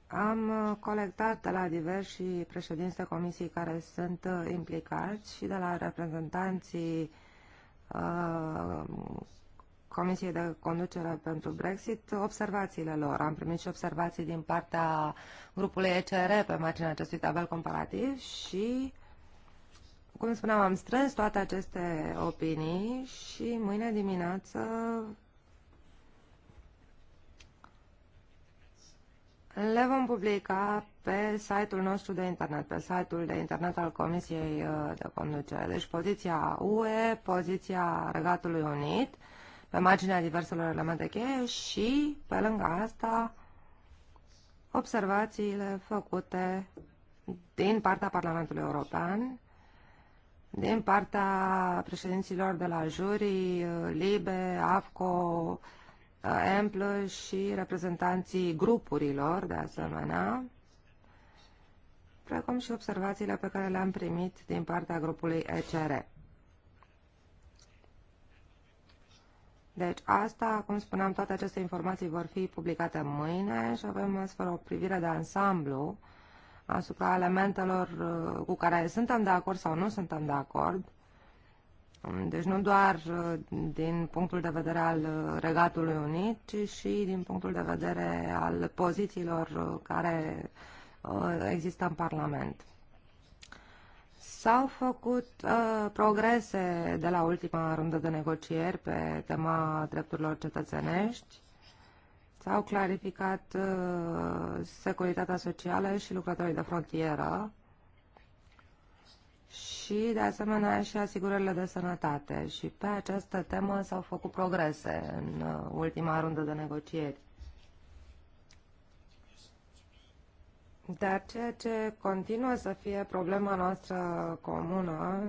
Am uh, colectat de la diversi președinți de comisii care sunt uh, implicați și de la reprezentanții uh, Comisiei de Conducere pentru Brexit observațiile lor. Am primit și observații din partea grupului ECR pe marginea acestui tabel comparativ și, cum spuneam, am strâns toate aceste opinii și mâine dimineață Le vom publica pe site-ul nostru de internet, pe site-ul de internet al Comisiei uh, de Conducere. Deci poziția UE, poziția Regatului Unit pe marginea diverselor elemente cheie și, pe lângă asta, observațiile făcute din partea Parlamentului European, din partea președinților de la juri LIBE, AFCO, EMPLă și reprezentanții grupurilor, de asemenea, precum și observațiile pe care le-am primit din partea grupului ECR. Deci asta, cum spuneam, toate aceste informații vor fi publicate mâine și avem astfel o privire de ansamblu asupra elementelor uh, cu care suntem de acord sau nu suntem de acord. Um, deci nu doar uh, din punctul de vedere al uh, Regatului Unit, ci și din punctul de vedere al pozițiilor care există în Parlament. S-au făcut uh, progrese de la ultima rundă de negocieri pe tema drepturilor cetățenești. S-au clarificat uh, securitatea socială și lucrătorii de frontieră și, de asemenea, și asigurările de sănătate. Și pe această temă s-au făcut progrese în uh, ultima rundă de negocieri. Dar ceea ce continuă să fie problema noastră comună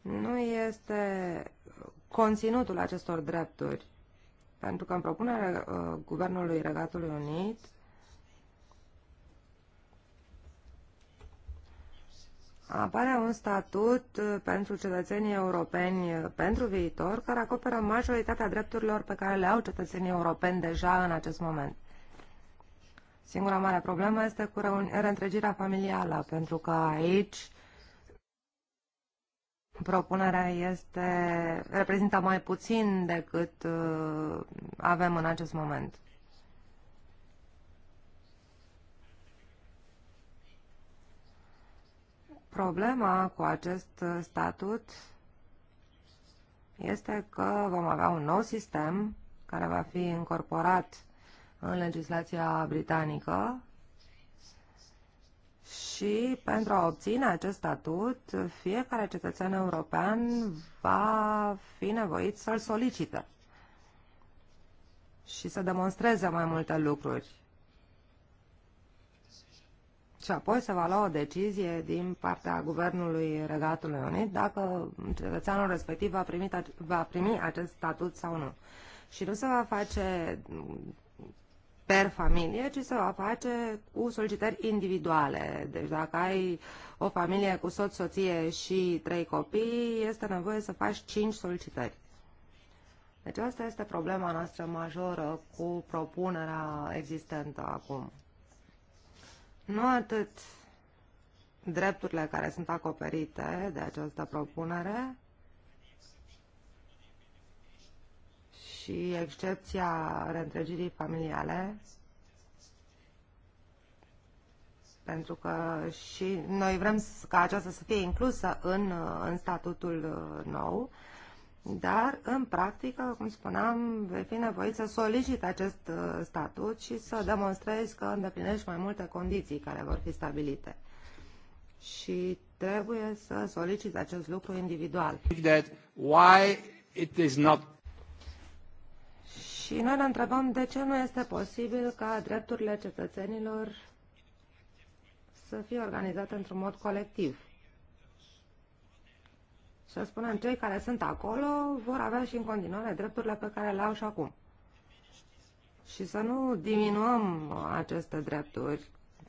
nu este conținutul acestor drepturi. Pentru că în propunerea uh, Guvernului Regatului Unit apare un statut uh, pentru cetățenii europeni uh, pentru viitor care acoperă majoritatea drepturilor pe care le au cetățenii europeni deja în acest moment. Singura mare problemă este cu reîntregirea familială, pentru că aici propunerea este, reprezintă mai puțin decât uh, avem în acest moment. Problema cu acest statut este că vom avea un nou sistem care va fi incorporat în legislația britanică și pentru a obține acest statut, fiecare cetățean european va fi nevoit să-l solicite și să demonstreze mai multe lucruri și apoi se va lua o decizie din partea Guvernului Regatului Unit dacă cetățeanul respectiv va, primit, va primi acest statut sau nu. Și nu se va face per familie, ci se va face cu solicitări individuale. Deci dacă ai o familie cu soț, soție și trei copii, este nevoie să faci cinci solicitări. Deci asta este problema noastră majoră cu propunerea existentă acum nu atât drepturile care sunt acoperite de această propunere și excepția reîntregirii familiale, pentru că și noi vrem ca aceasta să fie inclusă în, în statutul nou, dar, în practică, cum spuneam, vei fi nevoit să solicit acest uh, statut și să demonstrezi că îndeplinești mai multe condiții care vor fi stabilite. Și trebuie să soliciți acest lucru individual. Why it is not... Și noi ne întrebăm de ce nu este posibil ca drepturile cetățenilor să fie organizate într-un mod colectiv. Să spunem, cei care sunt acolo vor avea și în continuare drepturile pe care le au și acum. Și să nu diminuăm aceste drepturi,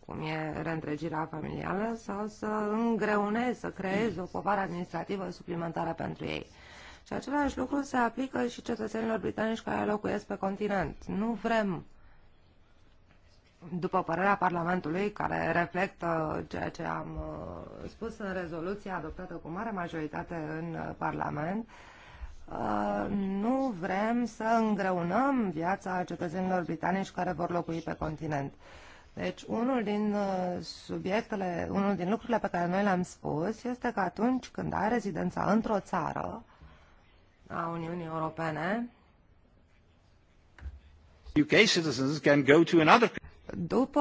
cum e reîntregirea familială, sau să îngreunez, să creez o povară administrativă suplimentară pentru ei. Și același lucru se aplică și cetățenilor britanici care locuiesc pe continent. Nu vrem după părerea Parlamentului, care reflectă ceea ce am uh, spus în rezoluția adoptată cu mare majoritate în uh, Parlament, uh, nu vrem să îngreunăm viața cetățenilor britanici care vor locui pe continent. Deci, unul din subiectele, unul din lucrurile pe care noi le-am spus este că atunci când ai rezidența într-o țară a Uniunii Europene, UK citizens can go to another după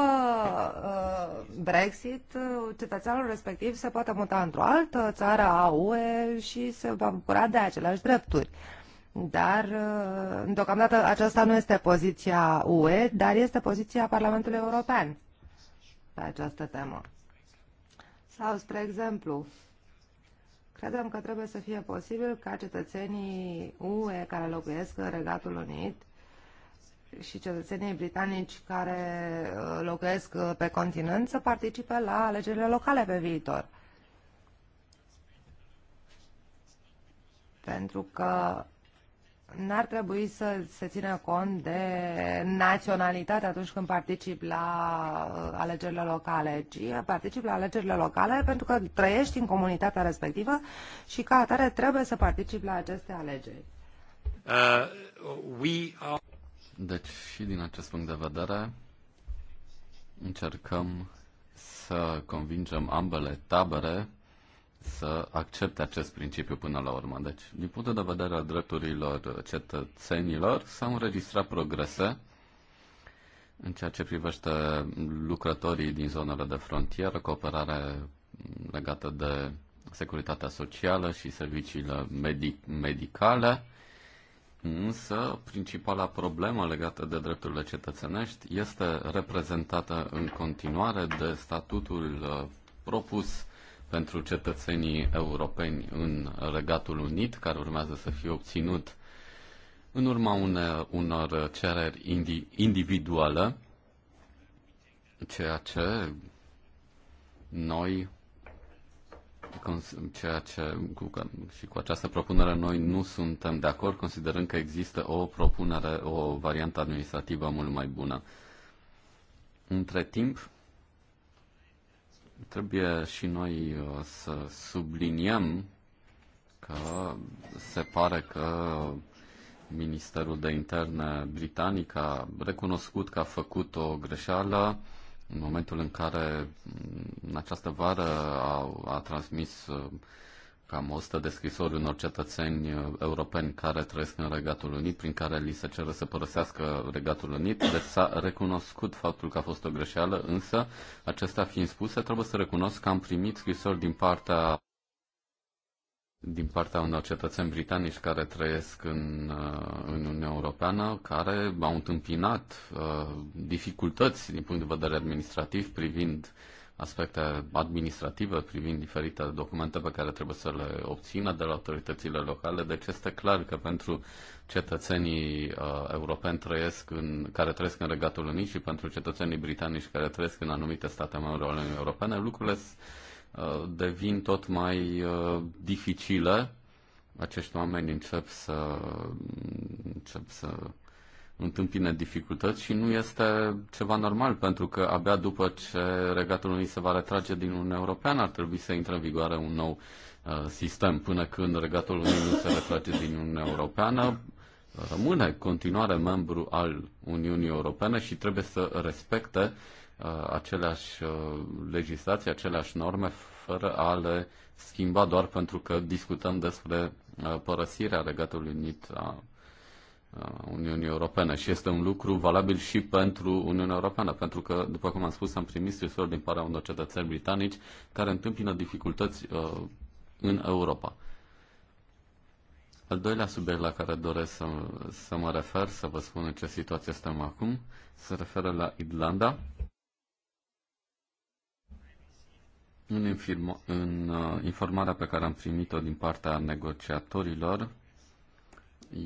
uh, Brexit, uh, cetățeanul respectiv se poate muta într-o altă țară a UE și se va bucura de aceleași drepturi. Dar, uh, deocamdată, aceasta nu este poziția UE, dar este poziția Parlamentului European pe această temă. Sau, spre exemplu, credem că trebuie să fie posibil ca cetățenii UE care locuiesc în Regatul Unit și cetățenii britanici care uh, locuiesc uh, pe continent să participe la alegerile locale pe viitor. Pentru că n-ar trebui să se țină cont de naționalitate atunci când particip la uh, alegerile locale, ci particip la alegerile locale pentru că trăiești în comunitatea respectivă și ca atare trebuie să particip la aceste alegeri. Uh, we are... Deci, și din acest punct de vedere, încercăm să convingem ambele tabere să accepte acest principiu până la urmă. Deci, din punct de vedere al drepturilor cetățenilor, s-au înregistrat progrese în ceea ce privește lucrătorii din zonele de frontieră, cooperare legată de securitatea socială și serviciile medic- medicale. Însă, principala problemă legată de drepturile cetățenești este reprezentată în continuare de statutul uh, propus pentru cetățenii europeni în Regatul Unit, care urmează să fie obținut în urma une, unor cereri indi, individuale, ceea ce noi ceea ce cu, și cu această propunere noi nu suntem de acord, considerând că există o propunere, o variantă administrativă mult mai bună. Între timp, trebuie și noi uh, să subliniem că se pare că Ministerul de Interne britanic a recunoscut că a făcut o greșeală, în momentul în care în această vară a, a transmis uh, cam 100 de scrisori unor cetățeni uh, europeni care trăiesc în Regatul Unit, prin care li se cere să părăsească Regatul Unit. Deci s-a recunoscut faptul că a fost o greșeală, însă, acestea fiind spuse, trebuie să recunosc că am primit scrisori din partea din partea unor cetățeni britanici care trăiesc în, uh, în Uniunea Europeană, care au întâmpinat uh, dificultăți din punct de vedere administrativ privind aspecte administrative, privind diferite documente pe care trebuie să le obțină de la autoritățile locale. Deci este clar că pentru cetățenii uh, europeni trăiesc în, care trăiesc în Regatul Unit și pentru cetățenii britanici care trăiesc în anumite state membre ale Uniunii Europene, lucrurile Uh, devin tot mai uh, dificile. Acești oameni încep să, încep să întâmpine dificultăți și nu este ceva normal, pentru că abia după ce Regatul Unit se va retrage din Uniunea Europeană ar trebui să intre în vigoare un nou uh, sistem. Până când Regatul Unit nu se retrage din Uniunea Europeană, rămâne continuare membru al Uniunii Europene și trebuie să respecte uh, aceleași legislații, aceleași norme, fără a le schimba doar pentru că discutăm despre părăsirea Regatului Unit a Uniunii Europene și este un lucru valabil și pentru Uniunea Europeană, pentru că, după cum am spus, am primit scrisori din partea unor cetățeni britanici care întâmpină dificultăți uh, în Europa. Al doilea subiect la care doresc să, să mă refer, să vă spun în ce situație stăm acum, se referă la Irlanda. În, infirmo- în uh, informarea pe care am primit-o din partea negociatorilor,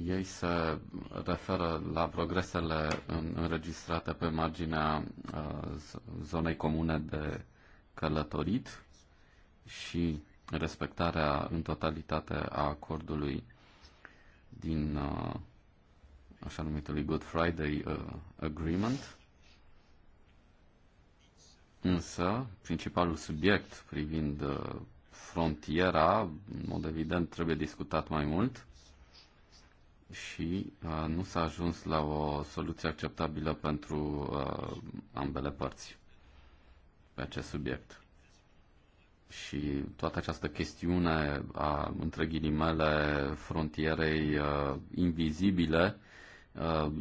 ei se referă la progresele înregistrate pe marginea uh, zonei comune de călătorit și respectarea în totalitate a acordului din uh, așa numitului Good Friday Agreement. Însă, principalul subiect privind uh, frontiera, în mod evident, trebuie discutat mai mult și uh, nu s-a ajuns la o soluție acceptabilă pentru uh, ambele părți pe acest subiect. Și toată această chestiune a, între ghilimele, frontierei uh, invizibile, uh,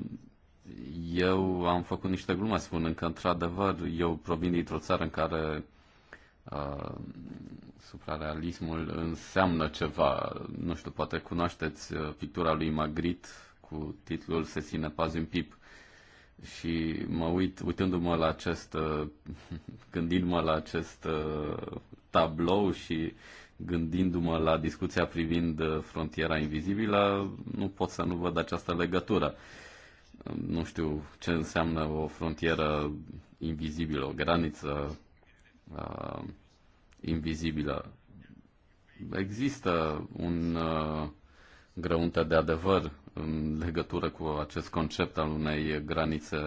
eu am făcut niște glume spunând că, într-adevăr, eu provin dintr-o țară în care uh, suprarealismul înseamnă ceva. Nu știu, poate cunoașteți uh, pictura lui Magritte cu titlul Se ține pazi în pip. Și mă uit, uitându-mă la acest, uh, gândindu-mă la acest uh, tablou și gândindu-mă la discuția privind frontiera invizibilă, nu pot să nu văd această legătură. Uh, nu știu ce înseamnă o frontieră invizibilă, o graniță uh, invizibilă. Există un uh, grăunte de adevăr în legătură cu acest concept al unei granițe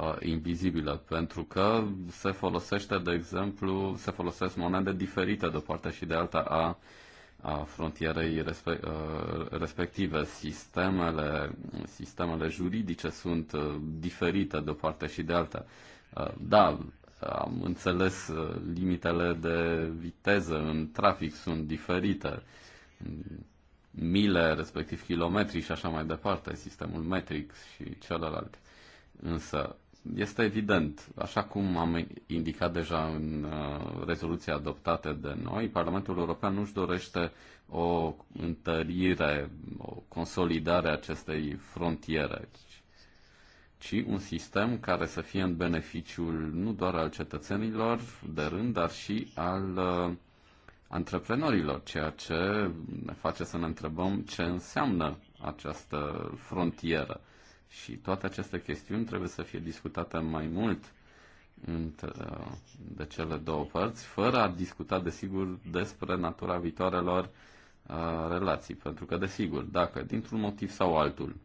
uh, invizibile, pentru că se folosește, de exemplu, se folosesc monede diferite de o parte și de alta a uh, a frontierei uh, respective. Sistemele, sistemele juridice sunt uh, diferite de o parte și de alta. Uh, da, am înțeles limitele de viteză în trafic sunt diferite. Mile, respectiv kilometri și așa mai departe, sistemul metric și celălalt. Însă, este evident, așa cum am indicat deja în uh, rezoluția adoptată de noi, Parlamentul European nu-și dorește o întărire, o consolidare a acestei frontiere, ci un sistem care să fie în beneficiul nu doar al cetățenilor de rând, dar și al uh, antreprenorilor, ceea ce ne face să ne întrebăm ce înseamnă această frontieră și toate aceste chestiuni trebuie să fie discutate mai mult între de cele două părți, fără a discuta, desigur, despre natura viitoarelor uh, relații. Pentru că, desigur, dacă dintr-un motiv sau altul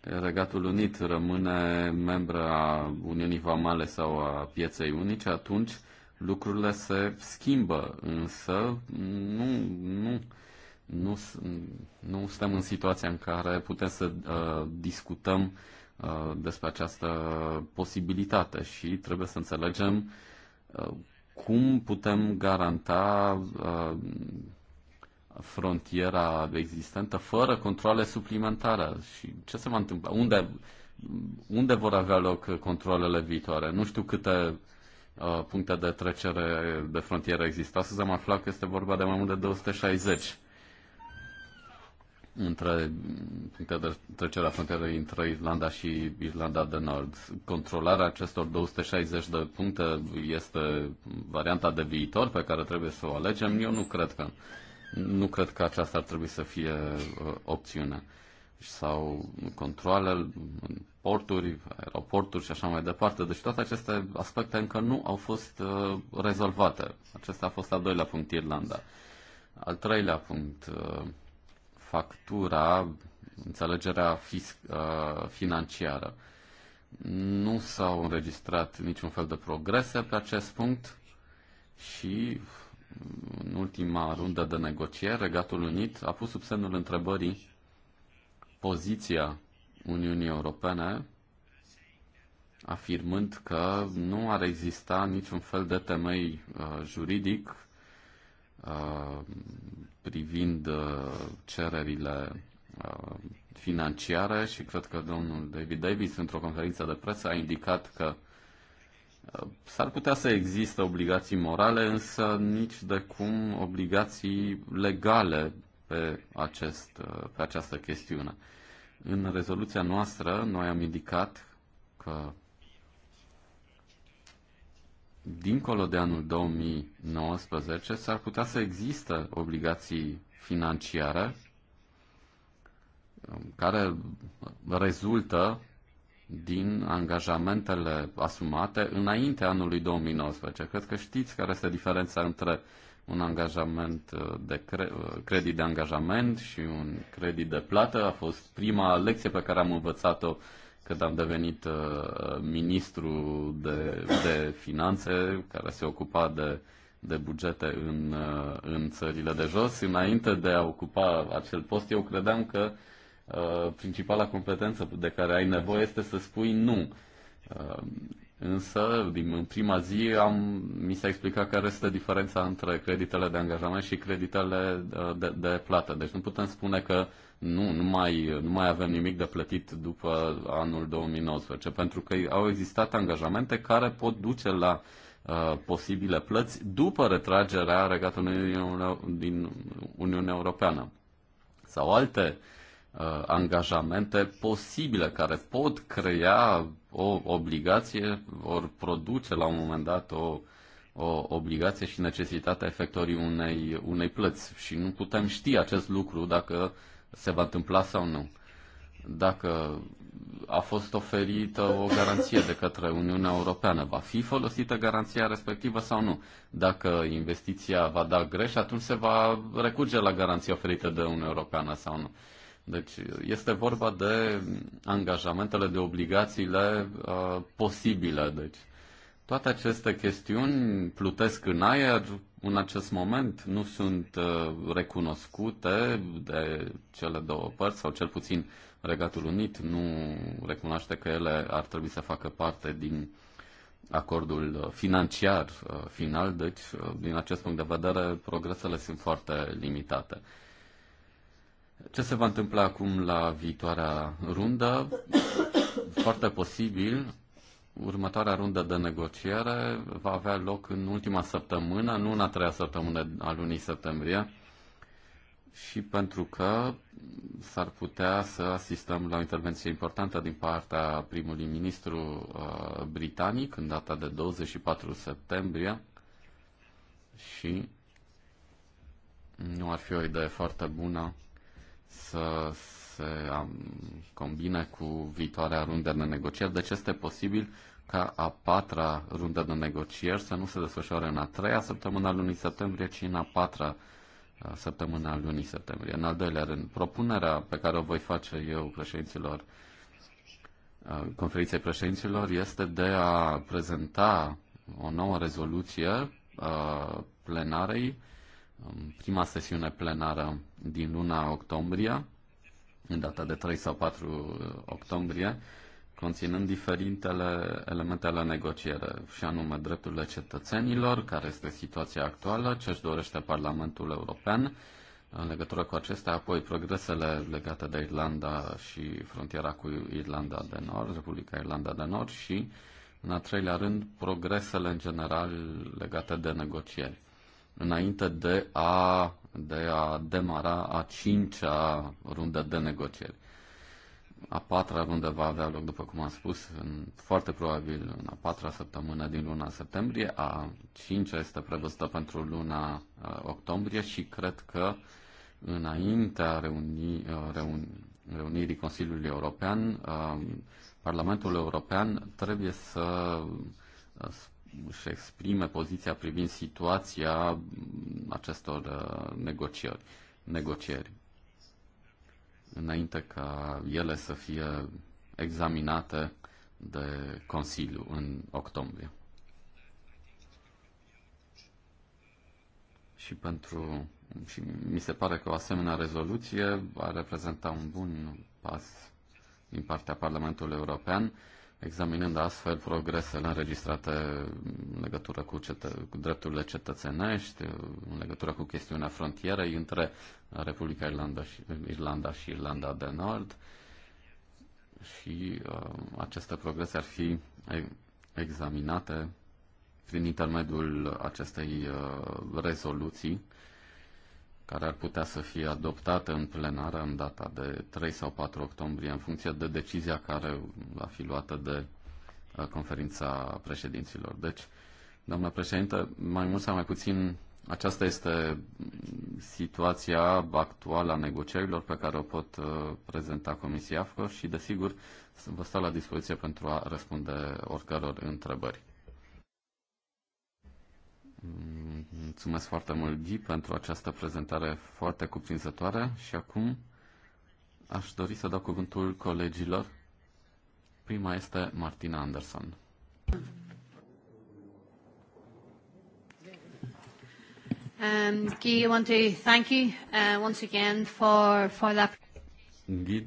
Regatul Unit rămâne membră a Uniunii Vamale sau a pieței unice, atunci lucrurile se schimbă, însă nu, nu nu, nu suntem în situația în care putem să uh, discutăm uh, despre această posibilitate și trebuie să înțelegem uh, cum putem garanta uh, frontiera existentă fără controle suplimentare și ce se va întâmpla, unde, unde vor avea loc controlele viitoare. Nu știu câte uh, puncte de trecere de frontieră există. Astăzi am aflat că este vorba de mai mult de 260 între a frontierei între Irlanda și Irlanda de Nord. Controlarea acestor 260 de puncte este varianta de viitor pe care trebuie să o alegem? Eu nu cred că nu cred că aceasta ar trebui să fie uh, opțiunea. Sau controle în porturi, aeroporturi și așa mai departe. Deci toate aceste aspecte încă nu au fost uh, rezolvate. Acesta a fost al doilea punct, Irlanda. Al treilea punct, uh, factura, înțelegerea fisc- uh, financiară. Nu s-au înregistrat niciun fel de progrese pe acest punct și în ultima rundă de negocieri, Regatul Unit a pus sub semnul întrebării poziția Uniunii Europene, afirmând că nu ar exista niciun fel de temei uh, juridic uh, privind uh, cererile uh, financiare și cred că domnul David Davis într-o conferință de presă a indicat că uh, s-ar putea să existe obligații morale, însă nici de cum obligații legale pe, acest, pe această chestiune. În rezoluția noastră, noi am indicat că dincolo de anul 2019 s-ar putea să există obligații financiare um, care rezultă din angajamentele asumate înainte anului 2019. Cred că știți care este diferența între un angajament uh, de cre- uh, credit de angajament și un credit de plată. A fost prima lecție pe care am învățat-o când am devenit uh, ministru de, de finanțe, care se ocupa de, de bugete în, uh, în țările de jos. Înainte de a ocupa acel post, eu credeam că uh, principala competență de care ai nevoie este să spui nu. Uh, însă, din, în prima zi, am, mi s-a explicat care este diferența între creditele de angajament și creditele de, uh, de, de plată. Deci nu putem spune că uh, nu, nu mai, nu mai avem nimic de plătit după anul 2019, pentru că au existat angajamente care pot duce la uh, posibile plăți după retragerea Regatului din Uniunea Europeană sau alte uh, angajamente posibile care pot crea o obligație, vor produce la un moment dat o, o obligație și necesitatea efectorii unei, unei plăți. Și nu putem ști acest lucru dacă se va întâmpla sau nu. Dacă a fost oferită o garanție de către Uniunea Europeană, va fi folosită garanția respectivă sau nu? Dacă investiția va da greș, atunci se va recurge la garanția oferită de Uniunea Europeană sau nu. Deci este vorba de angajamentele, de obligațiile uh, posibile. Deci toate aceste chestiuni plutesc în aer, în acest moment nu sunt uh, recunoscute de cele două părți, sau cel puțin Regatul Unit nu recunoaște că ele ar trebui să facă parte din acordul uh, financiar uh, final, deci din acest punct de vedere progresele sunt foarte limitate. Ce se va întâmpla acum la viitoarea rundă? Foarte posibil următoarea rundă de negociere va avea loc în ultima săptămână, nu în a treia săptămână a lunii septembrie, și pentru că s-ar putea să asistăm la o intervenție importantă din partea primului ministru uh, britanic în data de 24 septembrie și nu ar fi o idee foarte bună să se combine cu viitoarea rundă de negocieri. Deci este posibil ca a patra rundă de negocieri să nu se desfășoare în a treia săptămână a lunii septembrie, ci în a patra uh, săptămână a lunii septembrie. În al doilea rând, propunerea pe care o voi face eu președinților uh, conferinței președinților este de a prezenta o nouă rezoluție uh, plenarei, prima sesiune plenară din luna octombrie, în data de 3 sau 4 octombrie, conținând diferitele elemente ale negociere, și anume drepturile cetățenilor, care este situația actuală, ce își dorește Parlamentul European în legătură cu acestea, apoi progresele legate de Irlanda și frontiera cu Irlanda de Nord, Republica Irlanda de Nord și, în al treilea rând, progresele în general legate de negocieri. Înainte de a, de a demara a cincea rundă de negocieri a patra rundă va avea loc, după cum am spus, în, foarte probabil în a patra săptămână din luna septembrie, a cincea este prevăzută pentru luna uh, octombrie și cred că înaintea reuni, uh, reuni, reunirii Consiliului European, uh, Parlamentul European trebuie să uh, își exprime poziția privind situația acestor uh, negocieri. negocieri înainte ca ele să fie examinate de Consiliu în octombrie. Și pentru și mi se pare că o asemenea rezoluție va reprezenta un bun pas din partea Parlamentului European examinând astfel progresele înregistrate în legătură cu, cetă- cu drepturile cetățenești, în legătură cu chestiunea frontierei între Republica Irlanda și, Irlanda și Irlanda de Nord. Și uh, aceste progrese ar fi examinate prin intermediul acestei uh, rezoluții care ar putea să fie adoptată în plenară în data de 3 sau 4 octombrie, în funcție de decizia care va fi luată de uh, conferința președinților. Deci, doamnă președinte, mai mult sau mai puțin aceasta este situația actuală a negocierilor pe care o pot uh, prezenta Comisia AFCO și, desigur, vă stau la dispoziție pentru a răspunde oricăror întrebări. Mulțumesc foarte mult, Ghi, pentru această prezentare foarte cuprinzătoare și acum aș dori să dau cuvântul colegilor. Prima este Martina Anderson. Um, Guy, I want to thank you uh, once again for, for that. Ghi,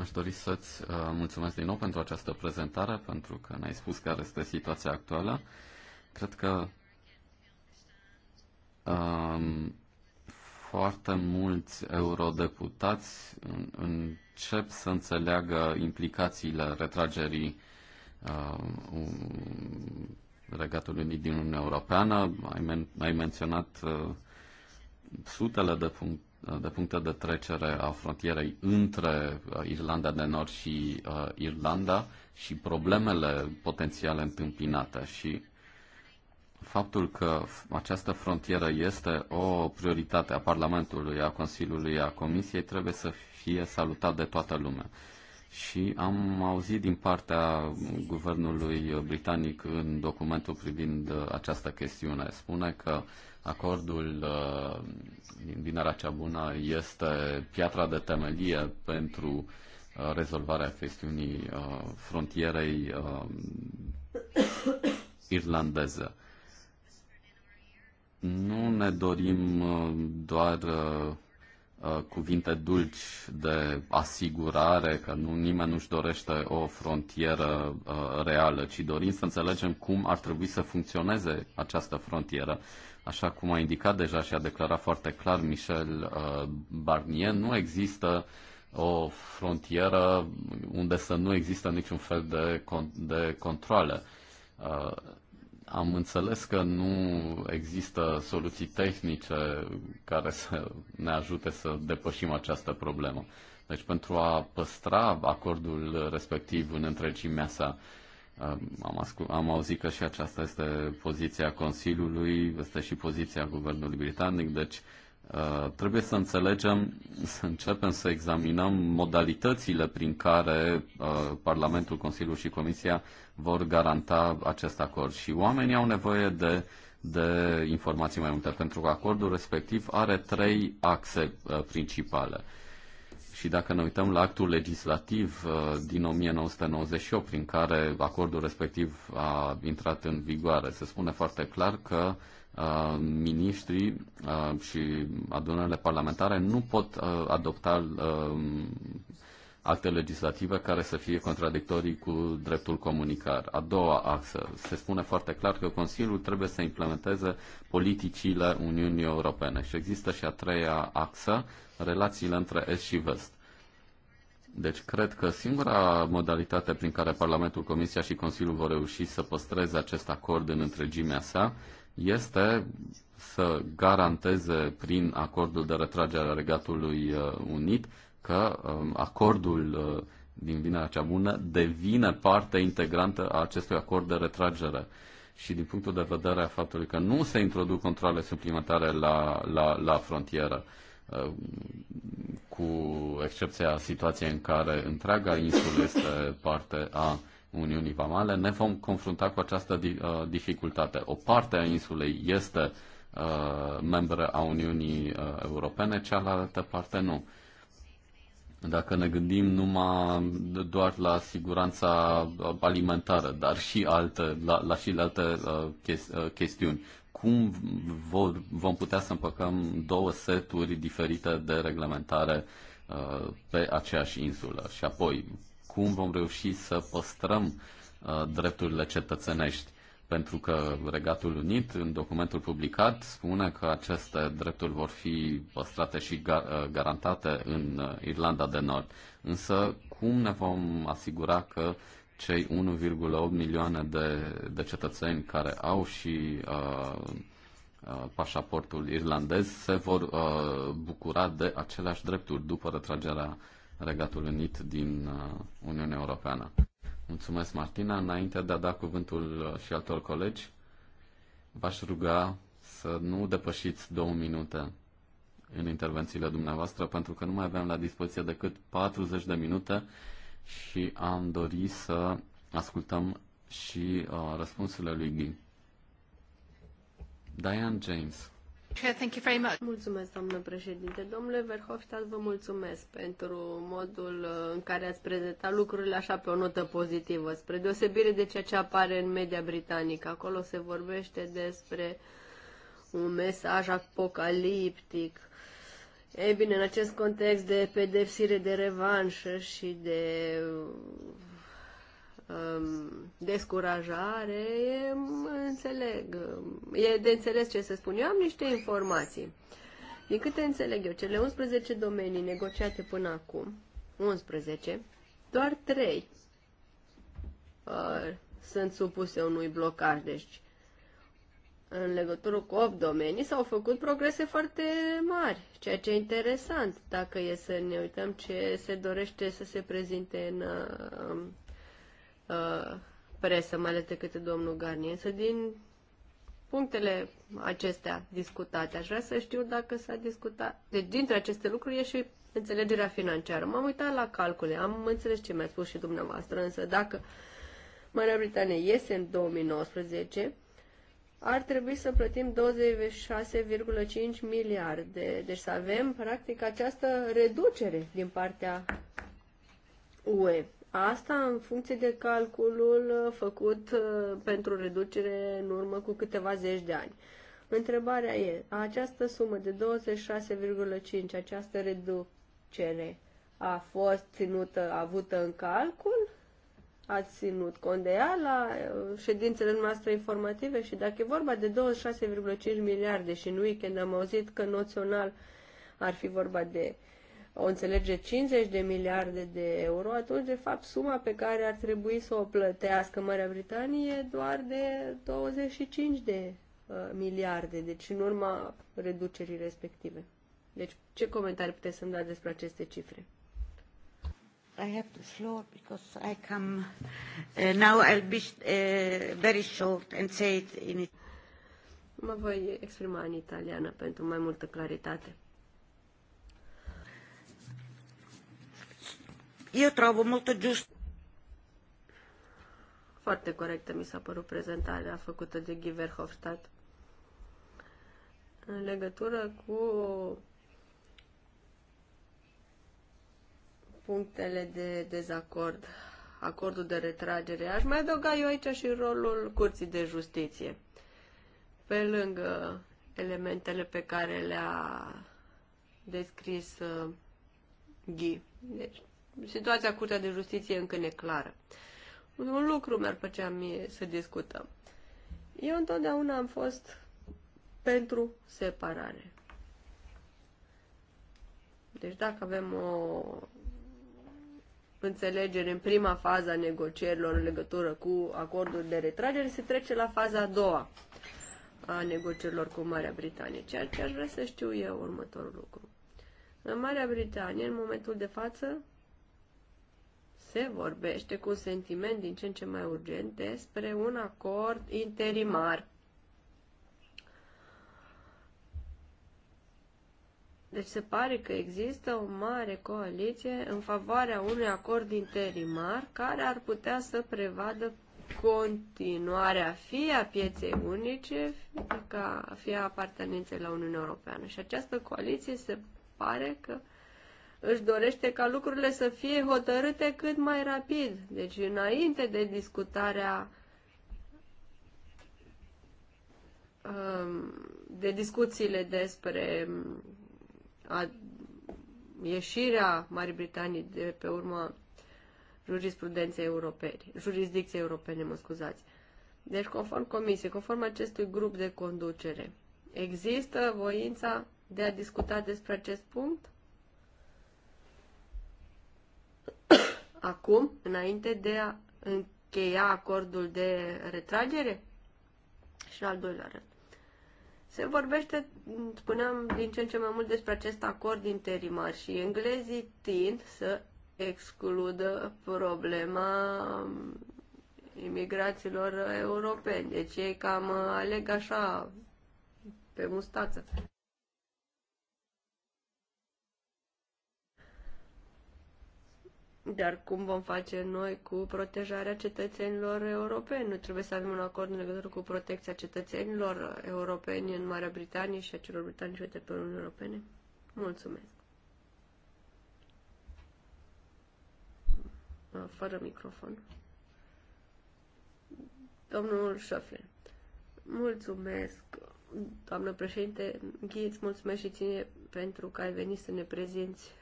aș dori să-ți uh, mulțumesc din nou pentru această prezentare, pentru că ne-ai spus care este situația actuală. Cred că um, foarte mulți eurodeputați încep să înțeleagă implicațiile retragerii uh, Regatului din Uniunea Europeană. Ai, men- ai menționat uh, sutele de, punct- de puncte de trecere a frontierei între uh, Irlanda de Nord și uh, Irlanda și problemele potențiale întâmpinate și faptul că această frontieră este o prioritate a Parlamentului, a Consiliului, a Comisiei, trebuie să fie salutat de toată lumea. Și am auzit din partea guvernului britanic în documentul privind uh, această chestiune. Spune că acordul uh, din vinerea cea bună este piatra de temelie pentru uh, rezolvarea chestiunii frontierei irlandeze. Nu ne dorim uh, doar uh, uh, cuvinte dulci de asigurare că nu, nimeni nu-și dorește o frontieră reală, ci dorim să înțelegem cum ar trebui să funcționeze această frontieră. Așa cum a indicat deja și a declarat foarte clar Michel Barnier, nu există o frontieră unde să nu există niciun fel de, con- de controle. Am înțeles că nu există soluții tehnice care să ne ajute să depășim această problemă. Deci pentru a păstra acordul respectiv în întregimea sa, am, ascult, am auzit că și aceasta este poziția Consiliului, este și poziția Guvernului Britanic, deci uh, Uh, trebuie să înțelegem, să începem să examinăm modalitățile prin care uh, Parlamentul, Consiliul și Comisia vor garanta acest acord. Și oamenii au nevoie de, de informații mai multe, pentru că acordul respectiv are trei axe uh, principale. Și dacă ne uităm la actul legislativ din 1998, prin care acordul respectiv a intrat în vigoare, se spune foarte clar că uh, Uh, ministrii uh, și adunările parlamentare nu pot uh, adopta acte legislative care să fie contradictorii cu dreptul comunicar. A doua axă. Se spune foarte clar că Consiliul trebuie să implementeze politicile Uniunii Europene. Și există și a treia axă, relațiile între Est și Vest. Deci cred că singura modalitate prin care Parlamentul, Comisia și Consiliul vor reuși să păstreze acest acord în întregimea sa este să garanteze prin acordul de retragere a Regatului uh, Unit că um, acordul uh, din vinerea cea bună devine parte integrantă a acestui acord de retragere. Și din punctul de vedere a faptului că nu se introduc controle suplimentare la, la, la frontieră, uh, cu excepția situației în care întreaga insulă este parte a Uniunii Vamale, ne vom confrunta cu această uh, dificultate. O parte a insulei este uh, membră a Uniunii uh, Europene, cealaltă parte nu. Dacă ne gândim numai doar la siguranța alimentară, dar și alte, la, la și uh, alte uh, chestiuni, cum vor, vom putea să împăcăm două seturi diferite de reglementare uh, pe aceeași insulă? Și apoi, cum vom reuși să păstrăm uh, drepturile cetățenești. Pentru că Regatul Unit, în documentul publicat, spune că aceste drepturi vor fi păstrate și gar- uh, garantate în uh, Irlanda de Nord. Însă, cum ne vom asigura că cei 1,8 milioane de, de cetățeni care au și uh, uh, pașaportul irlandez se vor uh, bucura de aceleași drepturi după retragerea uh, Regatul Unit din uh, Uniunea Europeană. Mulțumesc, Martina. Înainte de a da cuvântul uh, și altor colegi, v-aș ruga să nu depășiți două minute în intervențiile dumneavoastră, pentru că nu mai avem la dispoziție decât 40 de minute și am dorit să ascultăm și uh, răspunsurile lui Ghi. Diane James. Mulțumesc, doamnă președinte. Domnule Verhofstadt, vă mulțumesc pentru modul uh, în care ați prezentat lucrurile așa pe o notă pozitivă, spre deosebire de ceea ce apare în media britanică. Acolo se vorbește despre un mesaj apocaliptic. Ei bine, în acest context de pedepsire, de revanșă și de Um, descurajare, înțeleg, um, e de înțeles ce să spun. Eu am niște informații. Din câte înțeleg eu, cele 11 domenii negociate până acum, 11, doar 3 uh, sunt supuse unui blocaj. Deci, în legătură cu 8 domenii s-au făcut progrese foarte mari, ceea ce e interesant dacă e să ne uităm ce se dorește să se prezinte în uh, um, Uh, presă, mai ales decât domnul Garnier. Însă din punctele acestea discutate, aș vrea să știu dacă s-a discutat... Deci dintre aceste lucruri e și înțelegerea financiară. M-am uitat la calcule, am înțeles ce mi-a spus și dumneavoastră, însă dacă Marea Britanie iese în 2019, ar trebui să plătim 26,5 miliarde. Deci să avem, practic, această reducere din partea UE. Asta în funcție de calculul uh, făcut uh, pentru reducere în urmă cu câteva zeci de ani. Întrebarea e, această sumă de 26,5, această reducere, a fost ținută, avută în calcul? Ați ținut cont de ea la uh, ședințele noastre informative? Și dacă e vorba de 26,5 miliarde și în weekend am auzit că noțional ar fi vorba de o înțelege 50 de miliarde de euro, atunci, de fapt, suma pe care ar trebui să o plătească Marea Britanie e doar de 25 de uh, miliarde, deci în urma reducerii respective. Deci, ce comentarii puteți să-mi dați despre aceste cifre? I have the floor because I come uh, now I'll be uh, very short and say it in it. Mă voi exprima în italiană pentru mai multă claritate. Eu trovo molto giusto. Foarte corectă mi s-a părut prezentarea făcută de Guy Verhofstadt în legătură cu punctele de dezacord, acordul de retragere. Aș mai adăuga eu aici și rolul Curții de Justiție. Pe lângă elementele pe care le-a descris uh, Ghi. Deci, situația Curtea de Justiție încă neclară. Un lucru mi-ar plăcea mie să discutăm. Eu întotdeauna am fost pentru separare. Deci dacă avem o înțelegere în prima fază a negocierilor în legătură cu acordul de retragere, se trece la faza a doua a negocierilor cu Marea Britanie. Ceea ce aș vrea să știu eu următorul lucru. În Marea Britanie, în momentul de față, se vorbește cu un sentiment din ce în ce mai urgent despre un acord interimar. Deci se pare că există o mare coaliție în favoarea unui acord interimar care ar putea să prevadă continuarea fie a pieței unice, fie, a apartenenței la Uniunea Europeană. Și această coaliție se pare că își dorește ca lucrurile să fie hotărâte cât mai rapid, deci înainte de discutarea um, de discuțiile despre um, a ieșirea Marii Britanii de pe urma jurisprudenței europene, jurisdicției europene, mă scuzați. Deci, conform comisiei, conform acestui grup de conducere, există voința de a discuta despre acest punct? acum, înainte de a încheia acordul de retragere? Și în al doilea rând. Se vorbește, spuneam, din ce în ce mai mult despre acest acord interimar și englezii tind să excludă problema um, imigraților europeni. Deci ei cam uh, aleg așa pe mustață. Dar cum vom face noi cu protejarea cetățenilor europeni? Nu trebuie să avem un acord în legătură cu protecția cetățenilor europeni în Marea Britanie și a celor britanici de pe Uniunea Europene? Mulțumesc. Fără microfon. Domnul Șofler. Mulțumesc, doamnă președinte. Ghiți, mulțumesc și ține pentru că ai venit să ne prezinți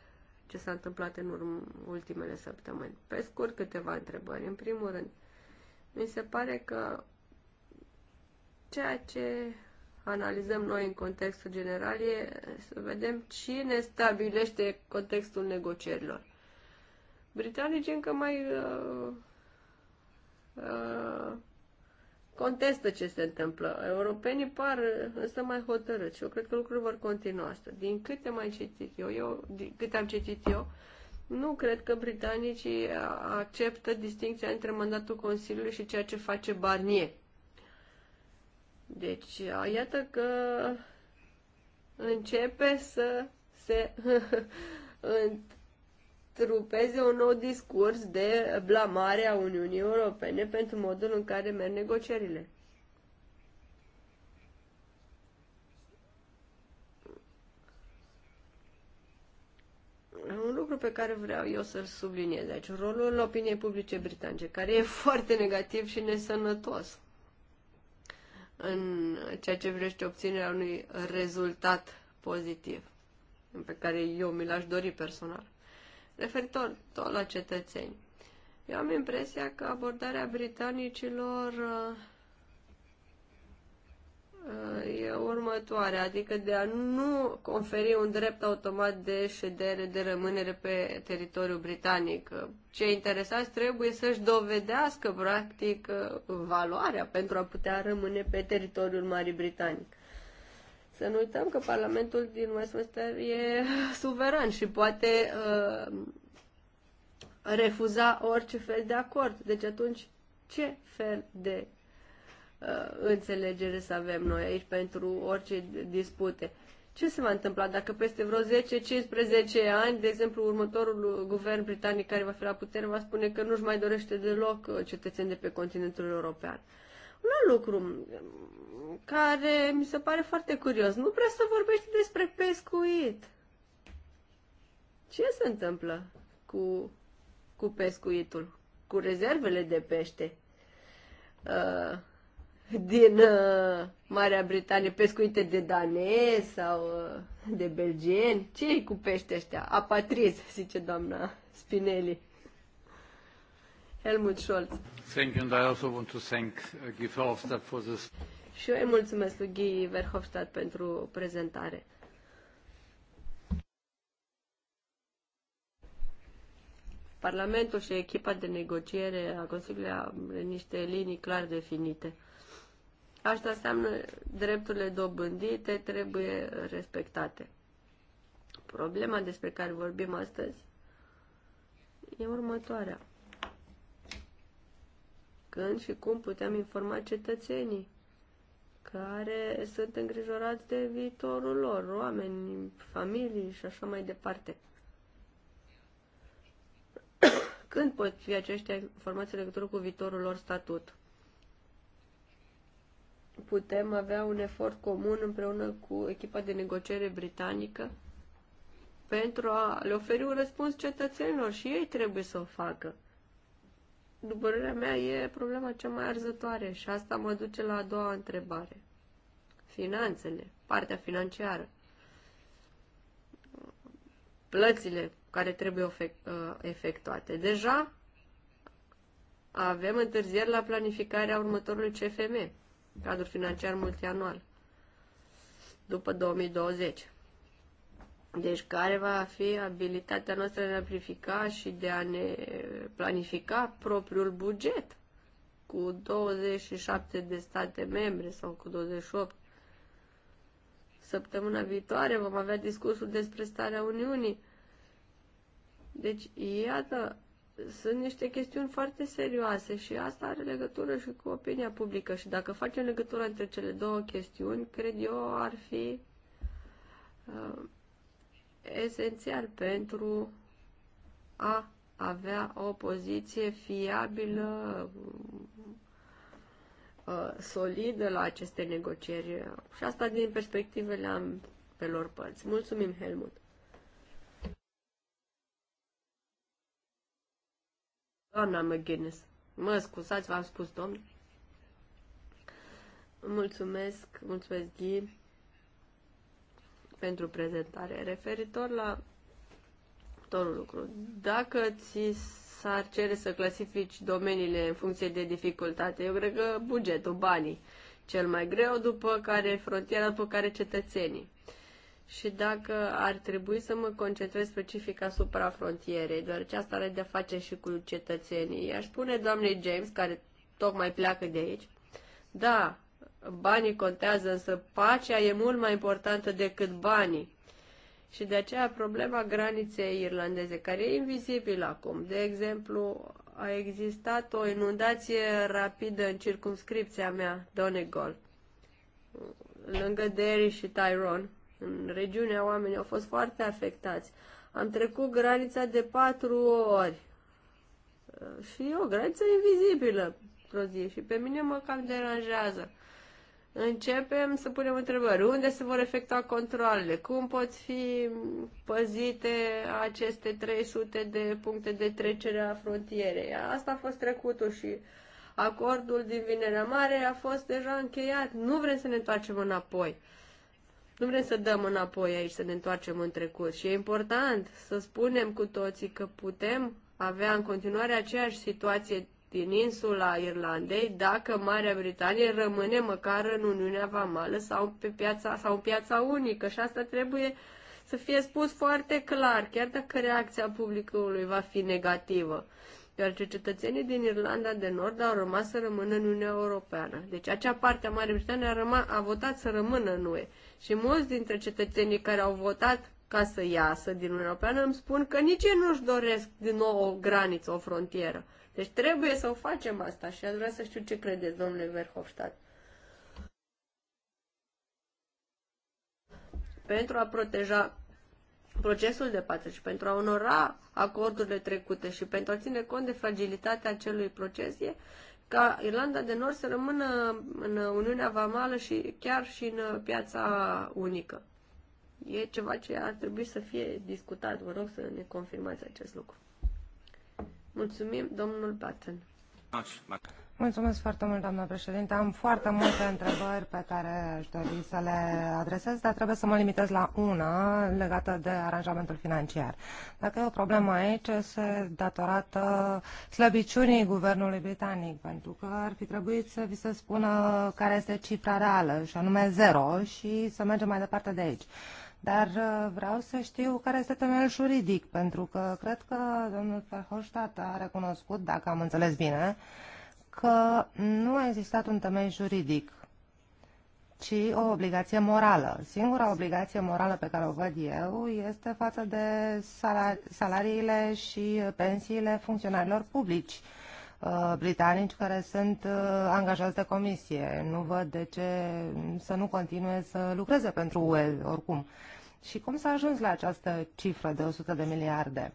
ce s-a întâmplat în urm- ultimele săptămâni. Pe scurt, câteva întrebări. În primul rând, mi se pare că ceea ce analizăm noi în contextul general e să vedem cine stabilește contextul negocierilor. Britanicii încă mai uh, uh, contestă ce se întâmplă. Europenii par însă mai hotărâți și eu cred că lucrurile vor continua asta. Din câte mai citit eu, eu din câte am citit eu, nu cred că britanicii acceptă distinția între mandatul Consiliului și ceea ce face Barnier. Deci, iată că începe să se trupeze un nou discurs de blamare a Uniunii Europene pentru modul în care merg negocierile. Un lucru pe care vreau eu să-l subliniez aici, rolul opiniei publice britanice, care e foarte negativ și nesănătos în ceea ce vrește obținerea unui rezultat pozitiv, pe care eu mi l-aș dori personal referitor tot la cetățeni. Eu am impresia că abordarea britanicilor uh, e următoarea, adică de a nu conferi un drept automat de ședere, de rămânere pe teritoriul britanic. Ce interesați trebuie să-și dovedească, practic, uh, valoarea pentru a putea rămâne pe teritoriul Marii Britanic. Să nu uităm că Parlamentul din Westminster e suveran și poate uh, refuza orice fel de acord. Deci atunci ce fel de uh, înțelegere să avem noi aici pentru orice dispute? Ce se va întâmpla dacă peste vreo 10-15 ani, de exemplu, următorul guvern britanic care va fi la putere va spune că nu-și mai dorește deloc uh, cetățeni de pe continentul european? Uh, un alt lucru care mi se pare foarte curios. Nu prea să vorbești despre pescuit. Ce se întâmplă cu, cu pescuitul? Cu rezervele de pește? Uh, din uh, Marea Britanie pescuite de danezi sau uh, de belgeni. ce cu pește ăștia? Apatriz, zice doamna Spinelli. Helmut Scholz. Thank you, and I also want to thank uh, Guy Verhofstadt for this. Și eu îi mulțumesc lui Guy Verhofstadt pentru prezentare. Parlamentul și echipa de negociere a Consiliului are niște linii clar definite. Asta înseamnă drepturile dobândite trebuie respectate. Problema despre care vorbim astăzi e următoarea când și cum putem informa cetățenii care sunt îngrijorați de viitorul lor, oameni, familii și așa mai departe. Când pot fi aceștia informații în legătură cu viitorul lor statut? Putem avea un efort comun împreună cu echipa de negociere britanică pentru a le oferi un răspuns cetățenilor și ei trebuie să o facă după părerea mea, e problema cea mai arzătoare și asta mă duce la a doua întrebare. Finanțele, partea financiară, plățile care trebuie ă, efectuate. Deja avem întârzieri la planificarea următorului CFM, cadrul financiar multianual, după 2020. Deci care va fi abilitatea noastră de a amplifica și de a ne planifica propriul buget cu 27 de state membre sau cu 28. Săptămâna viitoare vom avea discursul despre starea Uniunii. Deci, iată, sunt niște chestiuni foarte serioase și asta are legătură și cu opinia publică și dacă facem legătura între cele două chestiuni, cred eu ar fi uh, esențial pentru a avea o poziție fiabilă, uh, solidă la aceste negocieri. Și asta din perspectivele ambelor părți. Mulțumim, Helmut! Doamna McGuinness, mă scuzați, v-am spus, domnul. Mulțumesc, mulțumesc, Ghi pentru prezentare. Referitor la următorul lucru, dacă ți s-ar cere să clasifici domeniile în funcție de dificultate, eu cred că bugetul, banii, cel mai greu, după care frontiera, după care cetățenii. Și dacă ar trebui să mă concentrez specific asupra frontierei, ce asta are de face și cu cetățenii, i-aș spune doamnei James, care tocmai pleacă de aici, da, Banii contează, însă pacea e mult mai importantă decât banii. Și de aceea problema graniței irlandeze, care e invizibilă acum. De exemplu, a existat o inundație rapidă în circumscripția mea, Donegal, lângă Derry și Tyrone. În regiunea oamenii au fost foarte afectați. Am trecut granița de patru ori. Și e o graniță invizibilă, prozii, și pe mine mă cam deranjează începem să punem întrebări. Unde se vor efectua controlele? Cum pot fi păzite aceste 300 de puncte de trecere a frontierei? Asta a fost trecutul și acordul din Vinerea Mare a fost deja încheiat. Nu vrem să ne întoarcem înapoi. Nu vrem să dăm înapoi aici, să ne întoarcem în trecut. Și e important să spunem cu toții că putem avea în continuare aceeași situație din insula Irlandei dacă Marea Britanie rămâne măcar în Uniunea Vamală sau pe piața, sau în piața unică și asta trebuie să fie spus foarte clar, chiar dacă reacția publicului va fi negativă iar cetățenii din Irlanda de Nord au rămas să rămână în Uniunea Europeană. Deci acea parte a Marii Britanii a, răma, a votat să rămână în UE. Și mulți dintre cetățenii care au votat ca să iasă din Uniunea Europeană îmi spun că nici ei nu-și doresc din nou o graniță, o frontieră. Deci trebuie să o facem asta și aș vrea să știu ce credeți, domnule Verhofstadt. Pentru a proteja procesul de pace și pentru a onora acordurile trecute și pentru a ține cont de fragilitatea acelui proces e ca Irlanda de Nord să rămână în Uniunea Vamală și chiar și în piața unică. E ceva ce ar trebui să fie discutat. Vă rog să ne confirmați acest lucru. Mulțumim, domnul Batten. Mulțumesc foarte mult, doamnă președinte. Am foarte multe întrebări pe care aș dori să le adresez, dar trebuie să mă limitez la una legată de aranjamentul financiar. Dacă e o problemă aici, este datorată slăbiciunii guvernului britanic, pentru că ar fi trebuit să vi se spună care este cifra reală, și anume zero, și să mergem mai departe de aici. Dar uh, vreau să știu care este temeiul juridic, pentru că cred că domnul Verhofstadt a recunoscut, dacă am înțeles bine, că nu a existat un temei juridic, ci o obligație morală. Singura obligație morală pe care o văd eu este față de salari- salariile și pensiile funcționarilor publici Uh, britanici care sunt uh, angajați de comisie. Nu văd de ce să nu continue să lucreze pentru UE oricum. Și cum s-a ajuns la această cifră de 100 de miliarde?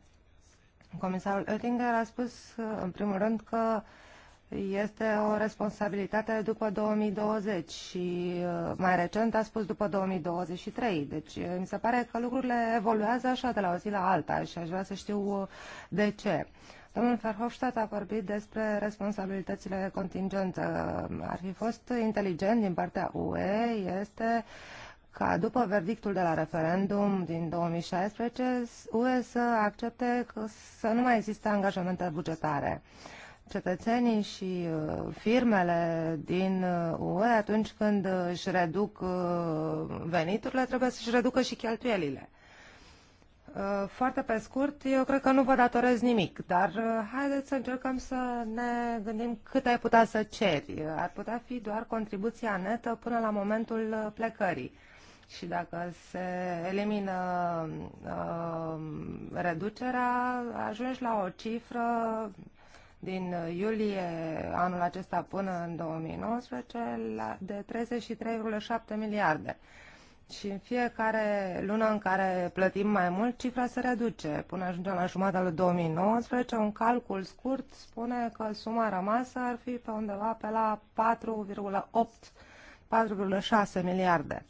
Comisarul Oettinger a spus, uh, în primul rând, că este o responsabilitate după 2020 și mai recent a spus după 2023. Deci mi se pare că lucrurile evoluează așa de la o zi la alta și aș vrea să știu de ce. Domnul Verhofstadt a vorbit despre responsabilitățile contingente. Ar fi fost inteligent din partea UE, este ca după verdictul de la referendum din 2016, UE să accepte că să nu mai existe angajamente bugetare. Cetățenii și uh, firmele din UE, uh, atunci când își reduc uh, veniturile, trebuie să-și reducă și cheltuielile. Uh, foarte pe scurt, eu cred că nu vă datorez nimic, dar uh, haideți să încercăm să ne gândim cât ai putea să ceri. Ar putea fi doar contribuția netă până la momentul uh, plecării. Și dacă se elimină uh, reducerea, ajungi la o cifră din iulie anul acesta până în 2019 de 33,7 miliarde. Uh, și în fiecare lună în care plătim mai mult, cifra se reduce. Până ajungem la jumătatea lui 2019, un calcul scurt spune că suma rămasă ar fi pe undeva pe la 4,8-4,6 miliarde.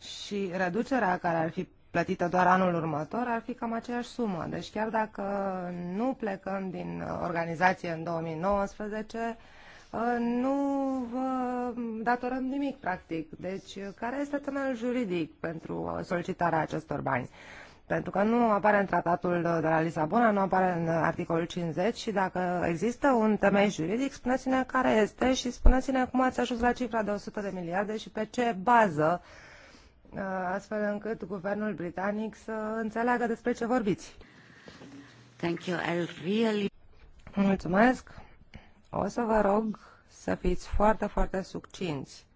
Și reducerea care ar fi plătită doar anul următor ar fi cam aceeași sumă. Deci chiar dacă nu plecăm din organizație în 2019, Uh, nu vă datorăm nimic, practic. Deci, uh, care este temelul juridic pentru solicitarea acestor bani? Pentru că nu apare în tratatul de la Lisabona, nu apare în articolul 50 și dacă există un temei juridic, spuneți-ne care este și spuneți-ne cum ați ajuns la cifra de 100 de miliarde și pe ce bază, uh, astfel încât guvernul britanic să înțeleagă despre ce vorbiți. Thank you. I really... Mulțumesc. O să vă rog să fiți foarte, foarte succinți.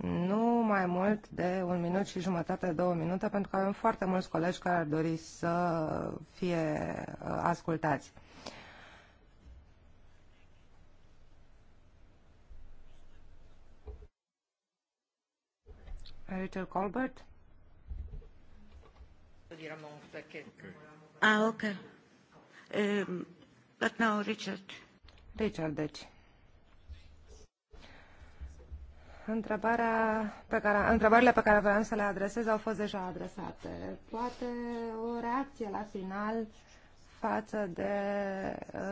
Nu mai mult de un minut și jumătate, două minute, pentru că avem foarte mulți colegi care ar dori să fie uh, ascultați. Rachel Colbert? Ah, ok. Um, but now Richard. Richard, deci. Întrebarea pe care, întrebările pe care vreau să le adresez au fost deja adresate. Poate o reacție la final față de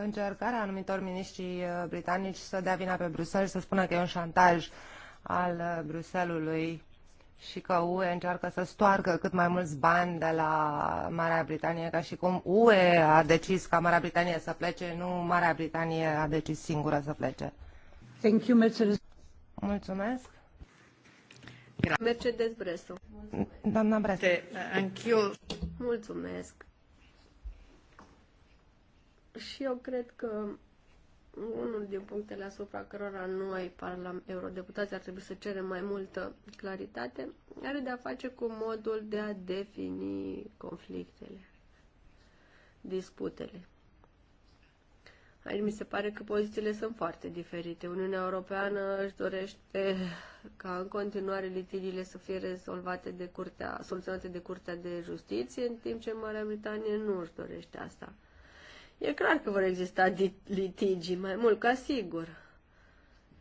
încercarea anumitor miniștri uh, britanici să dea vina pe Bruxelles, să spună că e un șantaj al uh, Bruselului și că UE încearcă să stoarcă cât mai mulți bani de la Marea Britanie, ca și cum UE a decis ca Marea Britanie să plece, nu Marea Britanie a decis singură să plece. Thank you, Mercedes. Mulțumesc. Mercedes Bresu. Doamna Bresu. you. Mulțumesc. Și eu cred că unul din punctele asupra cărora noi, eurodeputații, ar trebui să cerem mai multă claritate, are de-a face cu modul de a defini conflictele, disputele. Aici mi se pare că pozițiile sunt foarte diferite. Uniunea Europeană își dorește ca în continuare litigiile să fie rezolvate de curtea, soluționate de Curtea de Justiție, în timp ce Marea Britanie nu își dorește asta. E clar că vor exista litigii, mai mult ca sigur,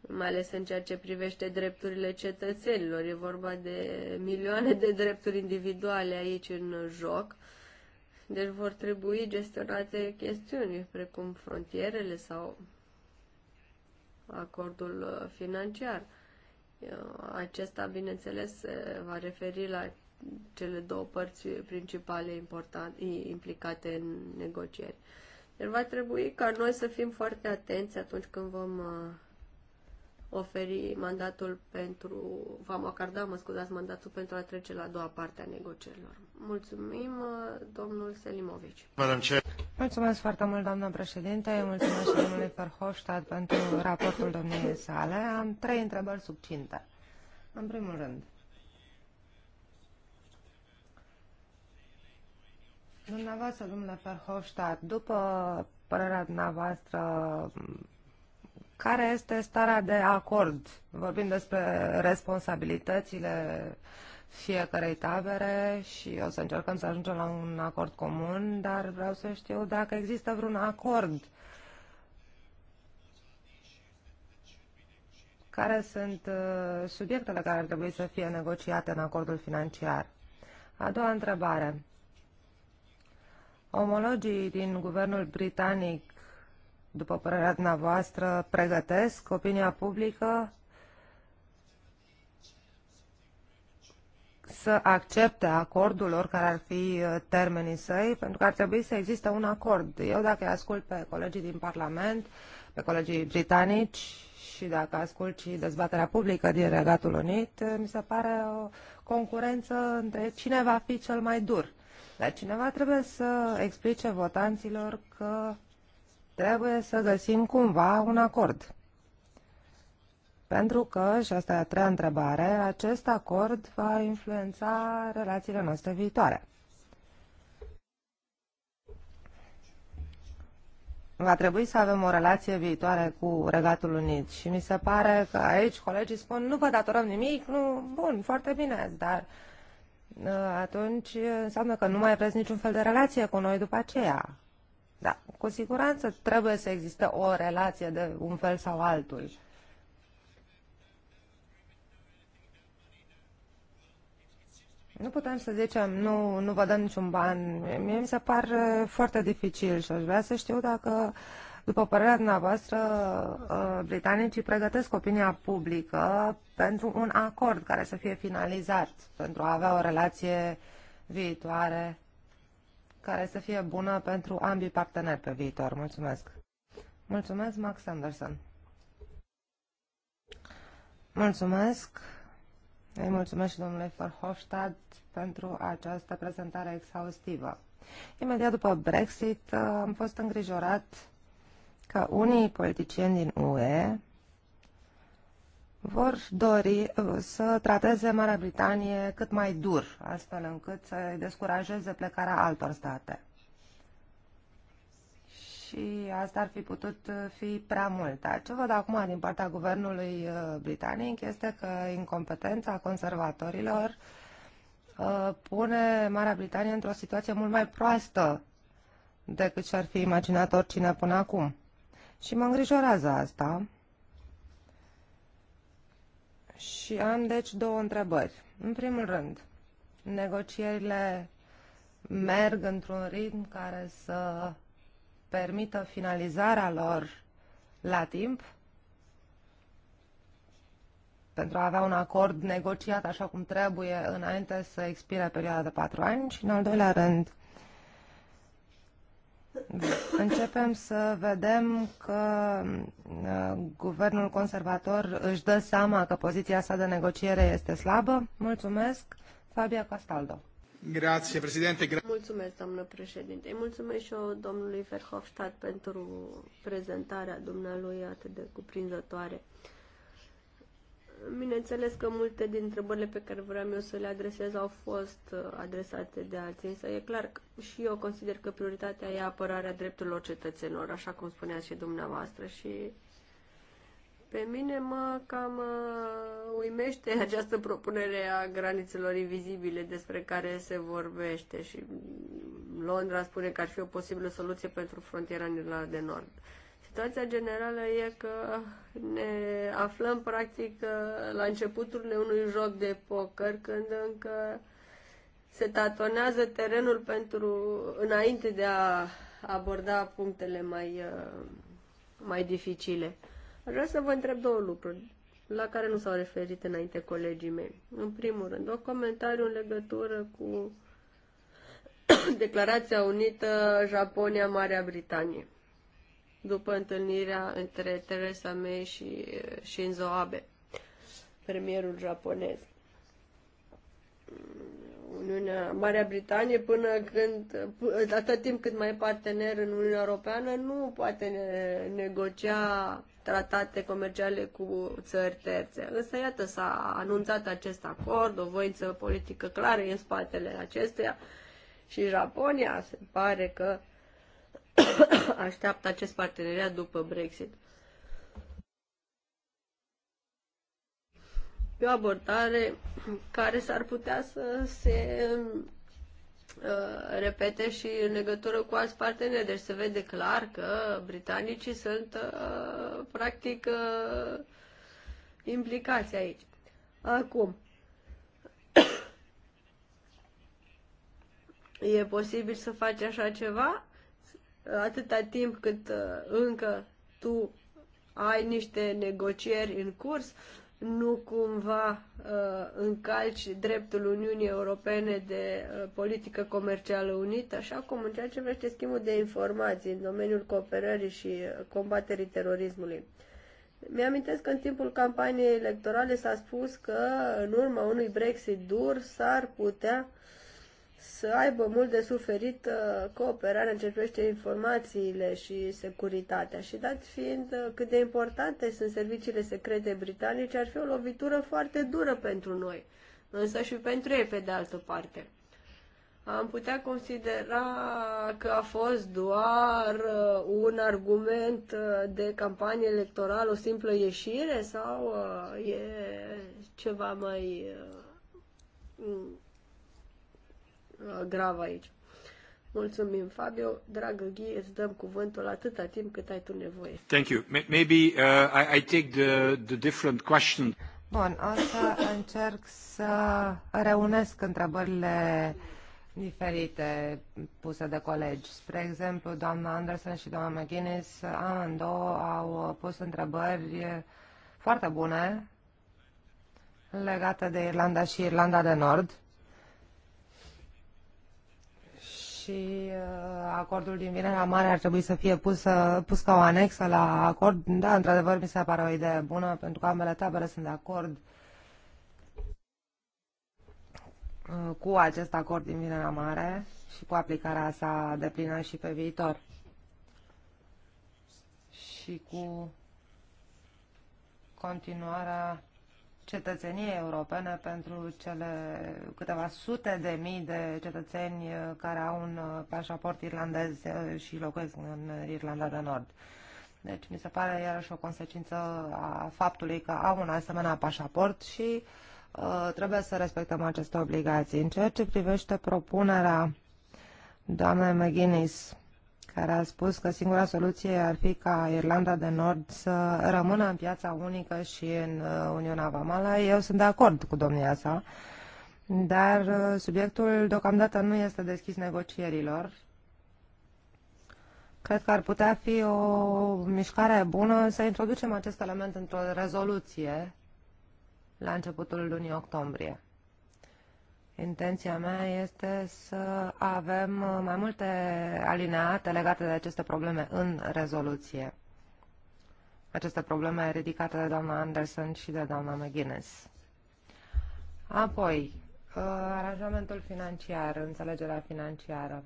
mai ales în ceea ce privește drepturile cetățenilor. E vorba de milioane de drepturi individuale aici în joc, deci vor trebui gestionate chestiuni precum frontierele sau acordul uh, financiar. Acesta, bineînțeles, se va referi la cele două părți principale implicate în negocieri. Deci va trebui ca noi să fim foarte atenți atunci când vom uh, oferi mandatul pentru, v-am acordat, mă scuzați, mandatul pentru a trece la a doua parte a negocierilor. Mulțumim, uh, domnul Selimovici. Mulțumesc foarte mult, doamnă președinte, mulțumesc și domnului Verhofstadt pentru raportul domniei sale. Am trei întrebări subcinte. În primul rând, Dumneavoastră, domnule Ferhofstadt, după părerea dumneavoastră, care este starea de acord? Vorbim despre responsabilitățile fiecarei tabere și o să încercăm să ajungem la un acord comun, dar vreau să știu dacă există vreun acord care sunt uh, subiectele care ar trebui să fie negociate în acordul financiar. A doua întrebare. Omologii din guvernul britanic, după părerea dumneavoastră, pregătesc opinia publică să accepte acordul lor care ar fi uh, termenii săi, pentru că ar trebui să existe un acord. Eu dacă ascult pe colegii din Parlament, pe colegii britanici și dacă ascult și dezbaterea publică din Regatul Unit, uh, mi se pare o concurență între cine va fi cel mai dur. Dar cineva trebuie să explice votanților că trebuie să găsim cumva un acord. Pentru că, și asta e a treia întrebare, acest acord va influența relațiile noastre viitoare. va trebui să avem o relație viitoare cu Regatul Unit și mi se pare că aici colegii spun nu vă datorăm nimic, nu, bun, foarte bine, dar uh, Ă, atunci înseamnă că nu mai aveți niciun fel de relație cu noi după aceea. Da, cu siguranță trebuie să existe o relație de un fel sau altul. Nu putem să zicem, nu, nu vă dăm niciun ban. Mie mi se par foarte dificil și aș vrea să știu dacă uh, după părerea dumneavoastră, uh, britanicii pregătesc opinia publică pentru un acord care să fie finalizat, pentru a avea o relație viitoare care să fie bună pentru ambii parteneri pe viitor. Mulțumesc! Mulțumesc, Max Anderson! Mulțumesc! Îi mulțumesc și domnului Verhofstadt pentru această prezentare exhaustivă. Imediat după Brexit uh, am fost îngrijorat că unii politicieni din UE vor dori uh, să trateze Marea Britanie cât mai dur, astfel încât să descurajeze plecarea altor state. Și asta ar fi putut uh, fi prea mult. Dar ce văd acum din partea guvernului uh, britanic este că incompetența conservatorilor pune Marea Britanie într-o situație mult mai proastă decât și-ar fi imaginat oricine până acum. Și mă îngrijorează asta. Și am deci două întrebări. În primul rând, negocierile merg într-un ritm care să permită finalizarea lor la timp pentru a avea un acord negociat așa cum trebuie înainte să expire perioada de patru ani și în al doilea rând începem să vedem că uh, guvernul conservator își dă seama că poziția sa de negociere este slabă. Mulțumesc, Fabia Castaldo. Grazie, președinte. Mulțumesc, doamnă președinte. mulțumesc și eu domnului Verhofstadt pentru prezentarea dumnealui atât de cuprinzătoare. Bineînțeles că multe din întrebările pe care vreau eu să le adresez au fost uh, adresate de alții, însă e clar că și eu consider că prioritatea e apărarea drepturilor cetățenilor, așa cum spuneați și dumneavoastră și pe mine mă cam uh, uimește această propunere a granițelor invizibile despre care se vorbește și Londra spune că ar fi o posibilă soluție pentru frontiera în Irlanda de Nord. Uh, Situația generală e că ne aflăm practic la începuturile unui joc de poker când încă se tatonează terenul pentru înainte de a aborda punctele mai, mai dificile. Aș vrea să vă întreb două lucruri la care nu s-au referit înainte colegii mei. În primul rând, o comentariu în legătură cu declarația unită Japonia-Marea Britanie după întâlnirea între Theresa May și Shinzo Abe, premierul japonez. Uniunea, Marea Britanie până când, atât timp cât mai e partener în Uniunea Europeană, nu poate negocia tratate comerciale cu țări terțe. Însă, iată, s-a anunțat acest acord, o voință politică clară în spatele acesteia și Japonia se pare că așteaptă acest parteneriat după Brexit. E o abordare care s-ar putea să se uh, repete și în legătură cu alți parteneri. Deci se vede clar că britanicii sunt uh, practic uh, implicați aici. Acum, e posibil să faci așa ceva? atâta timp cât uh, încă tu ai niște negocieri în curs, nu cumva uh, încalci dreptul Uniunii Europene de uh, politică comercială unită, așa cum în ceea ce vrește schimbul de informații în domeniul cooperării și uh, combaterii terorismului. Mi-amintesc că în timpul campaniei electorale s-a spus că în urma unui Brexit dur s-ar putea uh, să aibă mult de suferit uh, cooperarea în ce privește informațiile și securitatea. Și dat fiind uh, cât de importante sunt serviciile secrete britanice, ar fi o lovitură foarte dură pentru noi, însă și pentru ei pe de altă parte. Am putea considera că a fost doar uh, un argument de campanie electorală, o simplă ieșire sau e ceva mai Uh, grav aici. Mulțumim, Fabio. Dragă Ghi, îți dăm cuvântul atâta timp cât ai tu nevoie. Thank you. Maybe uh, I, I take the, the different question. Bun, o să încerc să reunesc întrebările diferite puse de colegi. Spre exemplu, doamna Anderson și doamna McGuinness, amândouă au pus întrebări foarte bune legate de Irlanda și Irlanda de Nord. și uh, acordul din Vinerea Mare ar trebui să fie pus, uh, pus ca o anexă la acord. Da, într-adevăr, mi se pare o idee bună, pentru că ambele tabere sunt de acord uh, cu acest acord din Vinerea Mare și cu aplicarea sa de plină și pe viitor. Și cu continuarea cetățenie europene pentru cele câteva sute de mii de cetățeni care au un uh, pașaport irlandez uh, și locuiesc în Irlanda de Nord. Deci mi se pare iarăși o consecință a faptului că au un asemenea pașaport și uh, trebuie să respectăm aceste obligații. În ceea ce privește propunerea doamnei McGuinness care a spus că singura soluție ar fi ca Irlanda de Nord să rămână în piața unică și în uh, Uniunea Vamală. Eu sunt de acord cu domnia sa, dar uh, subiectul deocamdată nu este deschis negocierilor. Cred că ar putea fi o mișcare bună să introducem acest element într-o rezoluție la începutul lunii octombrie. Intenția mea este să avem uh, mai multe alineate legate de aceste probleme în rezoluție. Aceste probleme ridicate de doamna Anderson și de doamna McGuinness. Apoi, uh, aranjamentul financiar, înțelegerea financiară.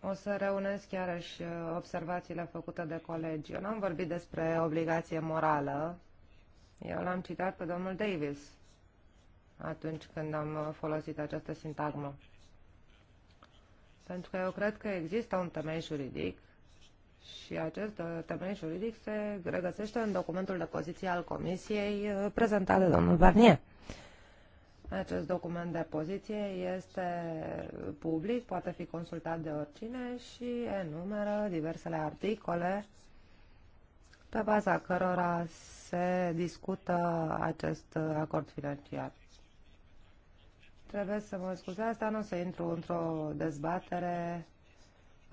O să reunesc iarăși uh, observațiile făcute de colegi. Eu n-am vorbit despre obligație morală, eu l-am citat pe domnul Davis atunci când am uh, folosit această sintagmă. Pentru că eu cred că există un temei juridic și acest uh, temei juridic se regăsește în documentul de poziție al Comisiei uh, prezentat de domnul Barnier. Acest document de poziție este public, poate fi consultat de oricine și enumeră diversele articole pe baza cărora se discută acest acord financiar. Trebuie să mă scuzați, asta nu o să intru într-o dezbatere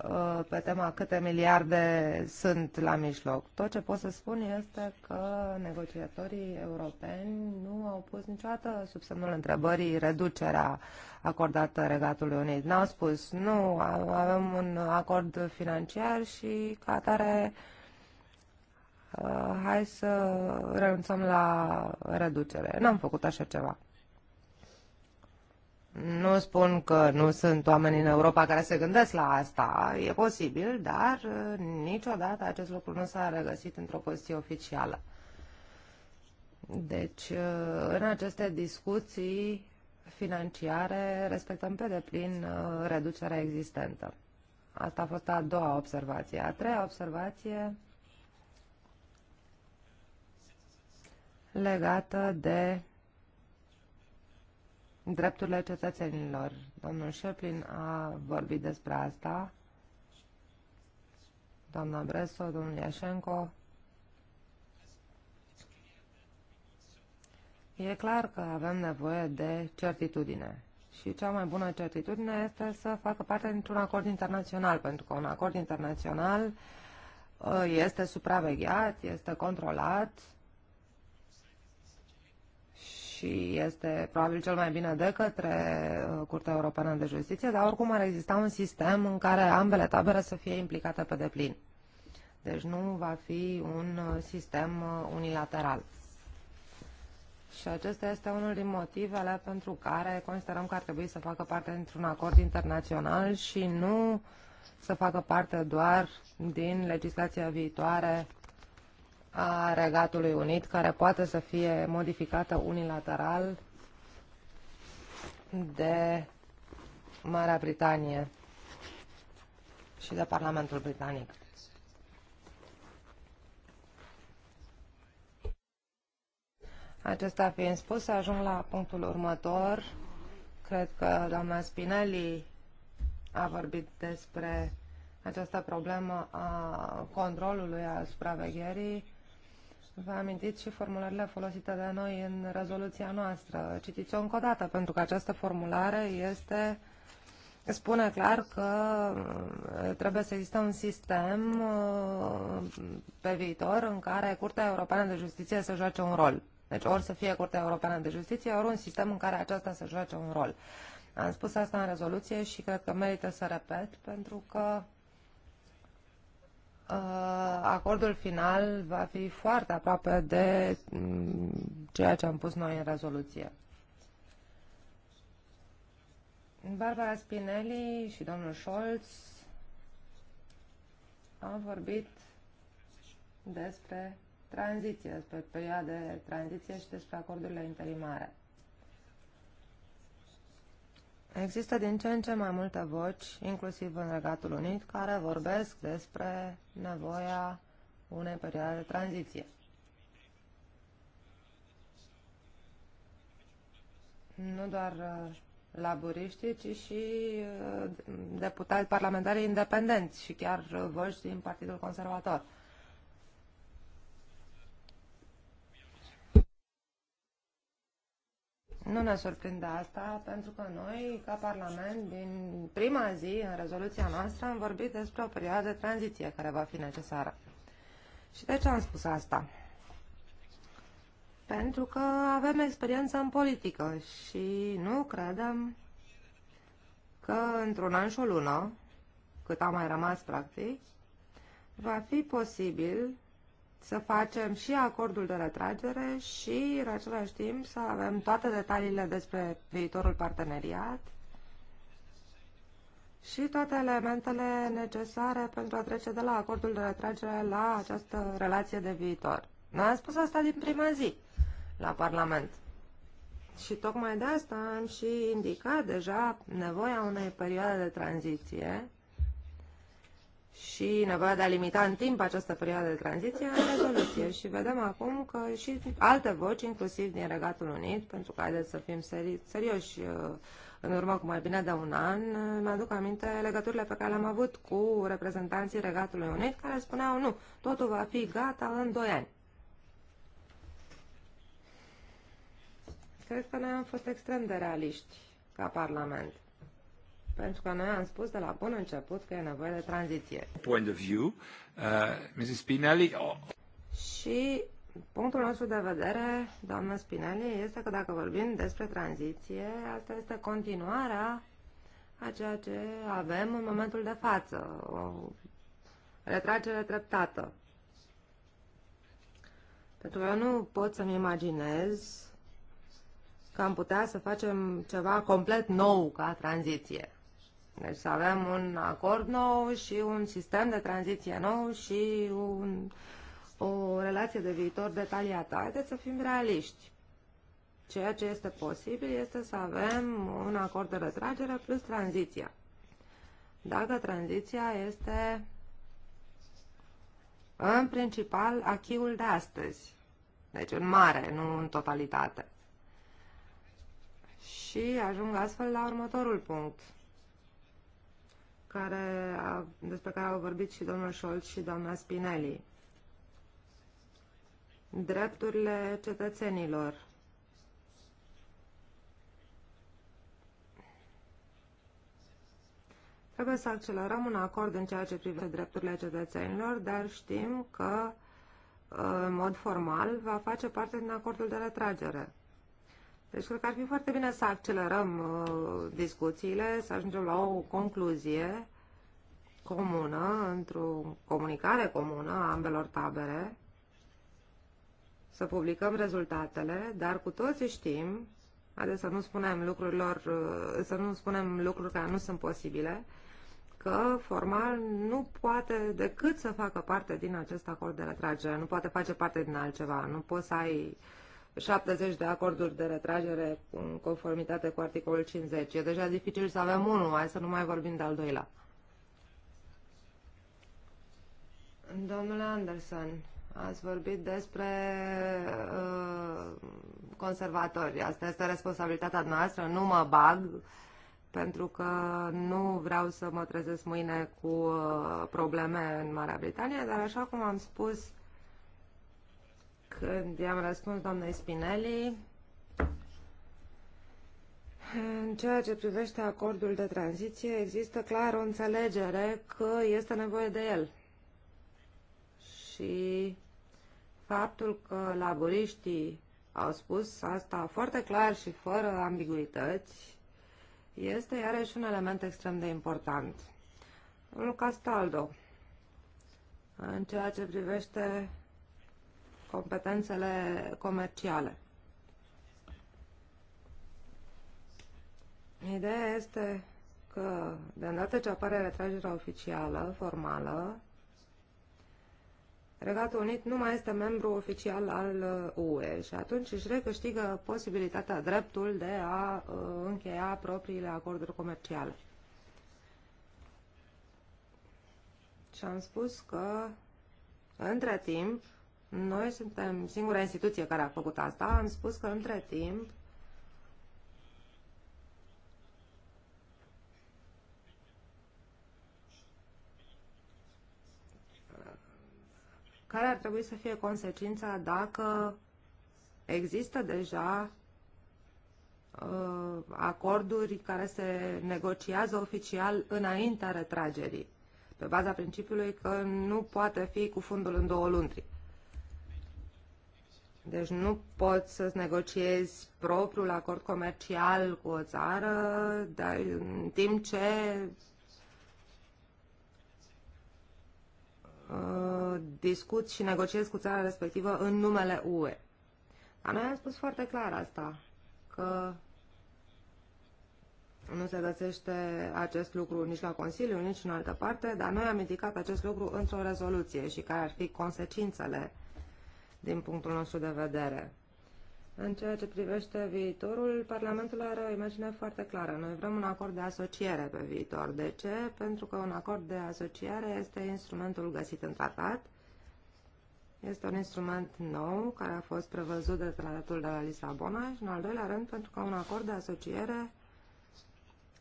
uh, pe tema câte miliarde sunt la mijloc. Tot ce pot să spun este că negociatorii europeni nu au pus niciodată sub semnul întrebării reducerea acordată Regatului Unit. N-au spus, nu, avem un acord financiar și ca atare uh, uh, hai să renunțăm la reducere. N-am făcut așa ceva. Nu spun că nu sunt oameni în Europa care se gândesc la asta, e posibil, dar uh, niciodată acest lucru nu s-a regăsit într-o poziție oficială. Deci, uh, în aceste discuții financiare respectăm pe deplin uh, reducerea existentă. Asta a fost a doua observație. A treia observație legată de drepturile cetățenilor. Domnul Șeplin a vorbit despre asta, doamna Breso, domnul Iașenco. E clar că avem nevoie de certitudine. Și cea mai bună certitudine este să facă parte dintr-un acord internațional, pentru că un acord internațional uh, este supravegheat, este controlat și este probabil cel mai bine de către uh, Curtea Europeană de Justiție, dar oricum ar exista un sistem în care ambele tabere să fie implicate pe deplin. Deci nu va fi un uh, sistem uh, unilateral. Și acesta este unul din motivele pentru care considerăm că ar trebui să facă parte dintr-un acord internațional și nu să facă parte doar din legislația viitoare a Regatului Unit, care poate să fie modificată unilateral de Marea Britanie și de Parlamentul Britanic. Acesta fiind spus, ajung la punctul următor. Cred că doamna Spinelli a vorbit despre această problemă a controlului, a supravegherii Vă amintiți și formulările folosite de noi în rezoluția noastră. Citiți-o încă o dată, pentru că această formulare este spune clar că uh, trebuie să existe un sistem uh, pe viitor în care Curtea Europeană de Justiție să joace un rol. Deci ori să fie Curtea Europeană de Justiție, ori un sistem în care aceasta să joace un rol. Am spus asta în rezoluție și cred că merită să repet, pentru că Uh, acordul final va fi foarte aproape de mm, ceea ce am pus noi în rezoluție. Barbara Spinelli și domnul Scholz au vorbit despre tranziție, despre perioada de tranziție și despre acordurile interimare. Există din ce în ce mai multe voci, inclusiv în Regatul Unit, care vorbesc despre nevoia unei perioade de tranziție. Nu doar uh, laburiștii, ci și uh, deputați parlamentari independenți și chiar uh, voci din Partidul Conservator. Nu ne surprinde asta, pentru că noi, ca Parlament, din prima zi, în rezoluția noastră, am vorbit despre o perioadă de tranziție care va fi necesară. Și de ce am spus asta? Pentru că avem experiență în politică și nu credem că într-un an și o lună, cât a mai rămas practic, va fi posibil să facem și acordul de retragere și, în același timp, să avem toate detaliile despre viitorul parteneriat și toate elementele necesare pentru a trece de la acordul de retragere la această relație de viitor. Noi am spus asta din prima zi la Parlament. Și tocmai de asta am și indicat deja nevoia unei perioade de tranziție și ne de a da limita în timp această perioadă de tranziție în rezoluție. Și vedem acum că și alte voci, inclusiv din Regatul Unit, pentru că haideți să fim seri serioși, uh, în urmă cu mai bine de un an, uh, mi-aduc aminte legăturile pe care le-am avut cu reprezentanții Regatului Unit, care spuneau nu, totul va fi gata în 2 ani. Cred că noi am fost extrem de realiști ca Parlament. Pentru că noi am spus de la bun început că e nevoie de tranziție. Point of view, uh, Mrs. Spinelli... Oh. Și punctul nostru de vedere, doamnă Spinelli, este că dacă vorbim despre tranziție, asta este continuarea a ceea ce avem în momentul de față, o retragere treptată. Pentru că eu nu pot să-mi imaginez că am putea să facem ceva complet nou ca tranziție. Deci să avem un acord nou și un sistem de tranziție nou și un, o relație de viitor detaliată. Haideți să fim realiști. Ceea ce este posibil este să avem un acord de retragere plus tranziția. Dacă tranziția este în principal achiul de astăzi, deci în mare, nu în totalitate. Și ajung astfel la următorul punct – care a, despre care au vorbit și domnul Scholz și doamna Spinelli. Drepturile cetățenilor. Trebuie să accelerăm un acord în ceea ce privește drepturile cetățenilor, dar știm că, în mod formal, va face parte din acordul de retragere. Deci cred că ar fi foarte bine să accelerăm uh, discuțiile, să ajungem la o concluzie comună, într-o comunicare comună a ambelor tabere, să publicăm rezultatele, dar cu toții știm, haideți să nu spunem lucrurilor, uh, să nu spunem lucruri care nu sunt posibile, că formal nu poate decât să facă parte din acest acord de retragere, nu poate face parte din altceva, nu poți să ai uh, 70 de acorduri de retragere în conformitate cu articolul 50. E deja dificil să avem unul, hai să nu mai vorbim de al doilea. Domnule Anderson, ați vorbit despre uh, conservatori. Asta este responsabilitatea noastră, nu mă bag, pentru că nu vreau să mă trezesc mâine cu uh, probleme în Marea Britanie, dar așa cum am spus uh, când i-am răspuns doamnei Spinelli, în ceea ce privește acordul de tranziție, există clar o înțelegere că este nevoie de el. Și faptul că laburiștii au spus asta foarte clar și fără ambiguități este iarăși un element extrem de important. Luca Staldo, în ceea ce privește competențele comerciale. Ideea este că, de îndată ce apare retragerea oficială, formală, Regatul Unit nu mai este membru oficial al UE uh, și atunci își recâștigă posibilitatea, dreptul de a uh, încheia propriile acorduri comerciale. Și am spus că, între timp, noi suntem singura instituție care a făcut asta. Am spus că între timp care ar trebui să fie consecința dacă există deja uh, acorduri care se negociază oficial înaintea retragerii, pe baza principiului că nu poate fi cu fundul în două luni. Deci nu poți să-ți negociezi propriul acord comercial cu o țară, dar în timp ce uh, discuți și negociezi cu țara respectivă în numele UE. Dar noi am spus foarte clar asta, că nu se găsește acest lucru nici la Consiliu, nici în altă parte, dar noi am indicat acest lucru într-o rezoluție și care ar fi consecințele din punctul nostru de vedere. În ceea ce privește viitorul, Parlamentul are o imagine foarte clară. Noi vrem un acord de asociere pe viitor. De ce? Pentru că un acord de asociere este instrumentul găsit în tratat. Este un instrument nou care a fost prevăzut de tratatul de la Lisabona și, în al doilea rând, pentru că un acord de asociere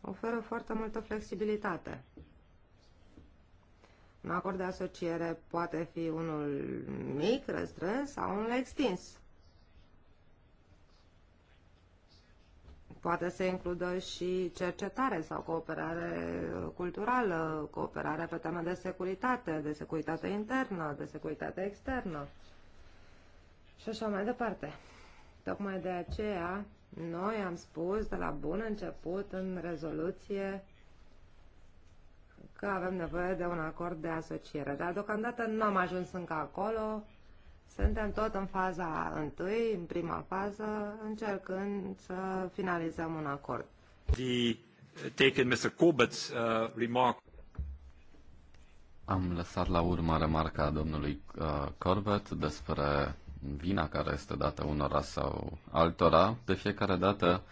oferă foarte multă flexibilitate. Un acord de asociere poate fi unul mic, restrâns sau unul extins. Poate să includă și cercetare sau cooperare culturală, cooperare pe teme de securitate, de securitate internă, de securitate externă și așa mai departe. Tocmai de aceea noi am spus de la bun început în rezoluție că avem nevoie de un acord de asociere. Dar deocamdată nu am ajuns încă acolo. Suntem tot în faza întâi, în prima fază, încercând să finalizăm un acord. The, uh, taken Mr. Corbett's uh, remark. Am lăsat la urmă remarca domnului uh, Corbett despre vina care este dată unora sau altora. De fiecare dată uh,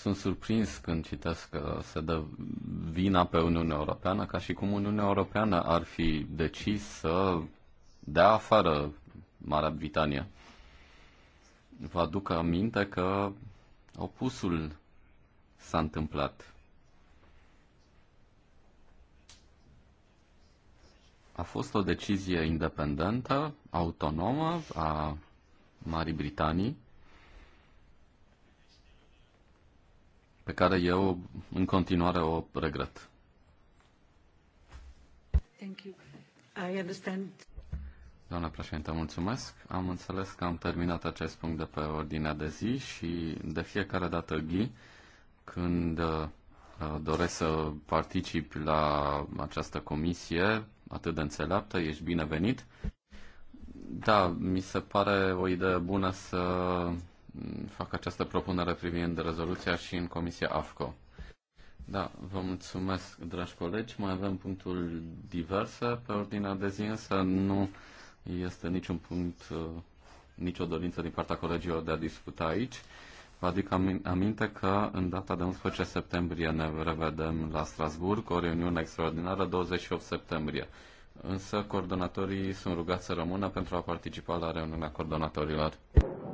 sunt surprins când citesc că se dă vina pe Uniunea Europeană, ca și cum Uniunea Europeană ar fi decis să dea afară Marea Britanie. Vă aduc aminte că opusul s-a întâmplat. A fost o decizie independentă, autonomă a Marii Britanii, pe care eu în continuare o regret. Thank you. I understand. Doamna președinte, mulțumesc. Am înțeles că am terminat acest punct de pe ordinea de zi și de fiecare dată, Ghi, când uh, doresc să particip la această comisie atât de înțeleaptă, ești binevenit. Da, mi se pare o idee bună să fac această propunere privind rezoluția și în Comisia AFCO. Da, vă mulțumesc, dragi colegi. Mai avem punctul diverse pe ordinea de zi, însă nu este niciun punct, uh, nicio dorință din partea colegilor de a discuta aici. Vă aduc aminte că în data de 11 septembrie ne revedem la Strasburg, o reuniune extraordinară, 28 septembrie. Însă coordonatorii sunt rugați să rămână pentru a participa la reuniunea coordonatorilor.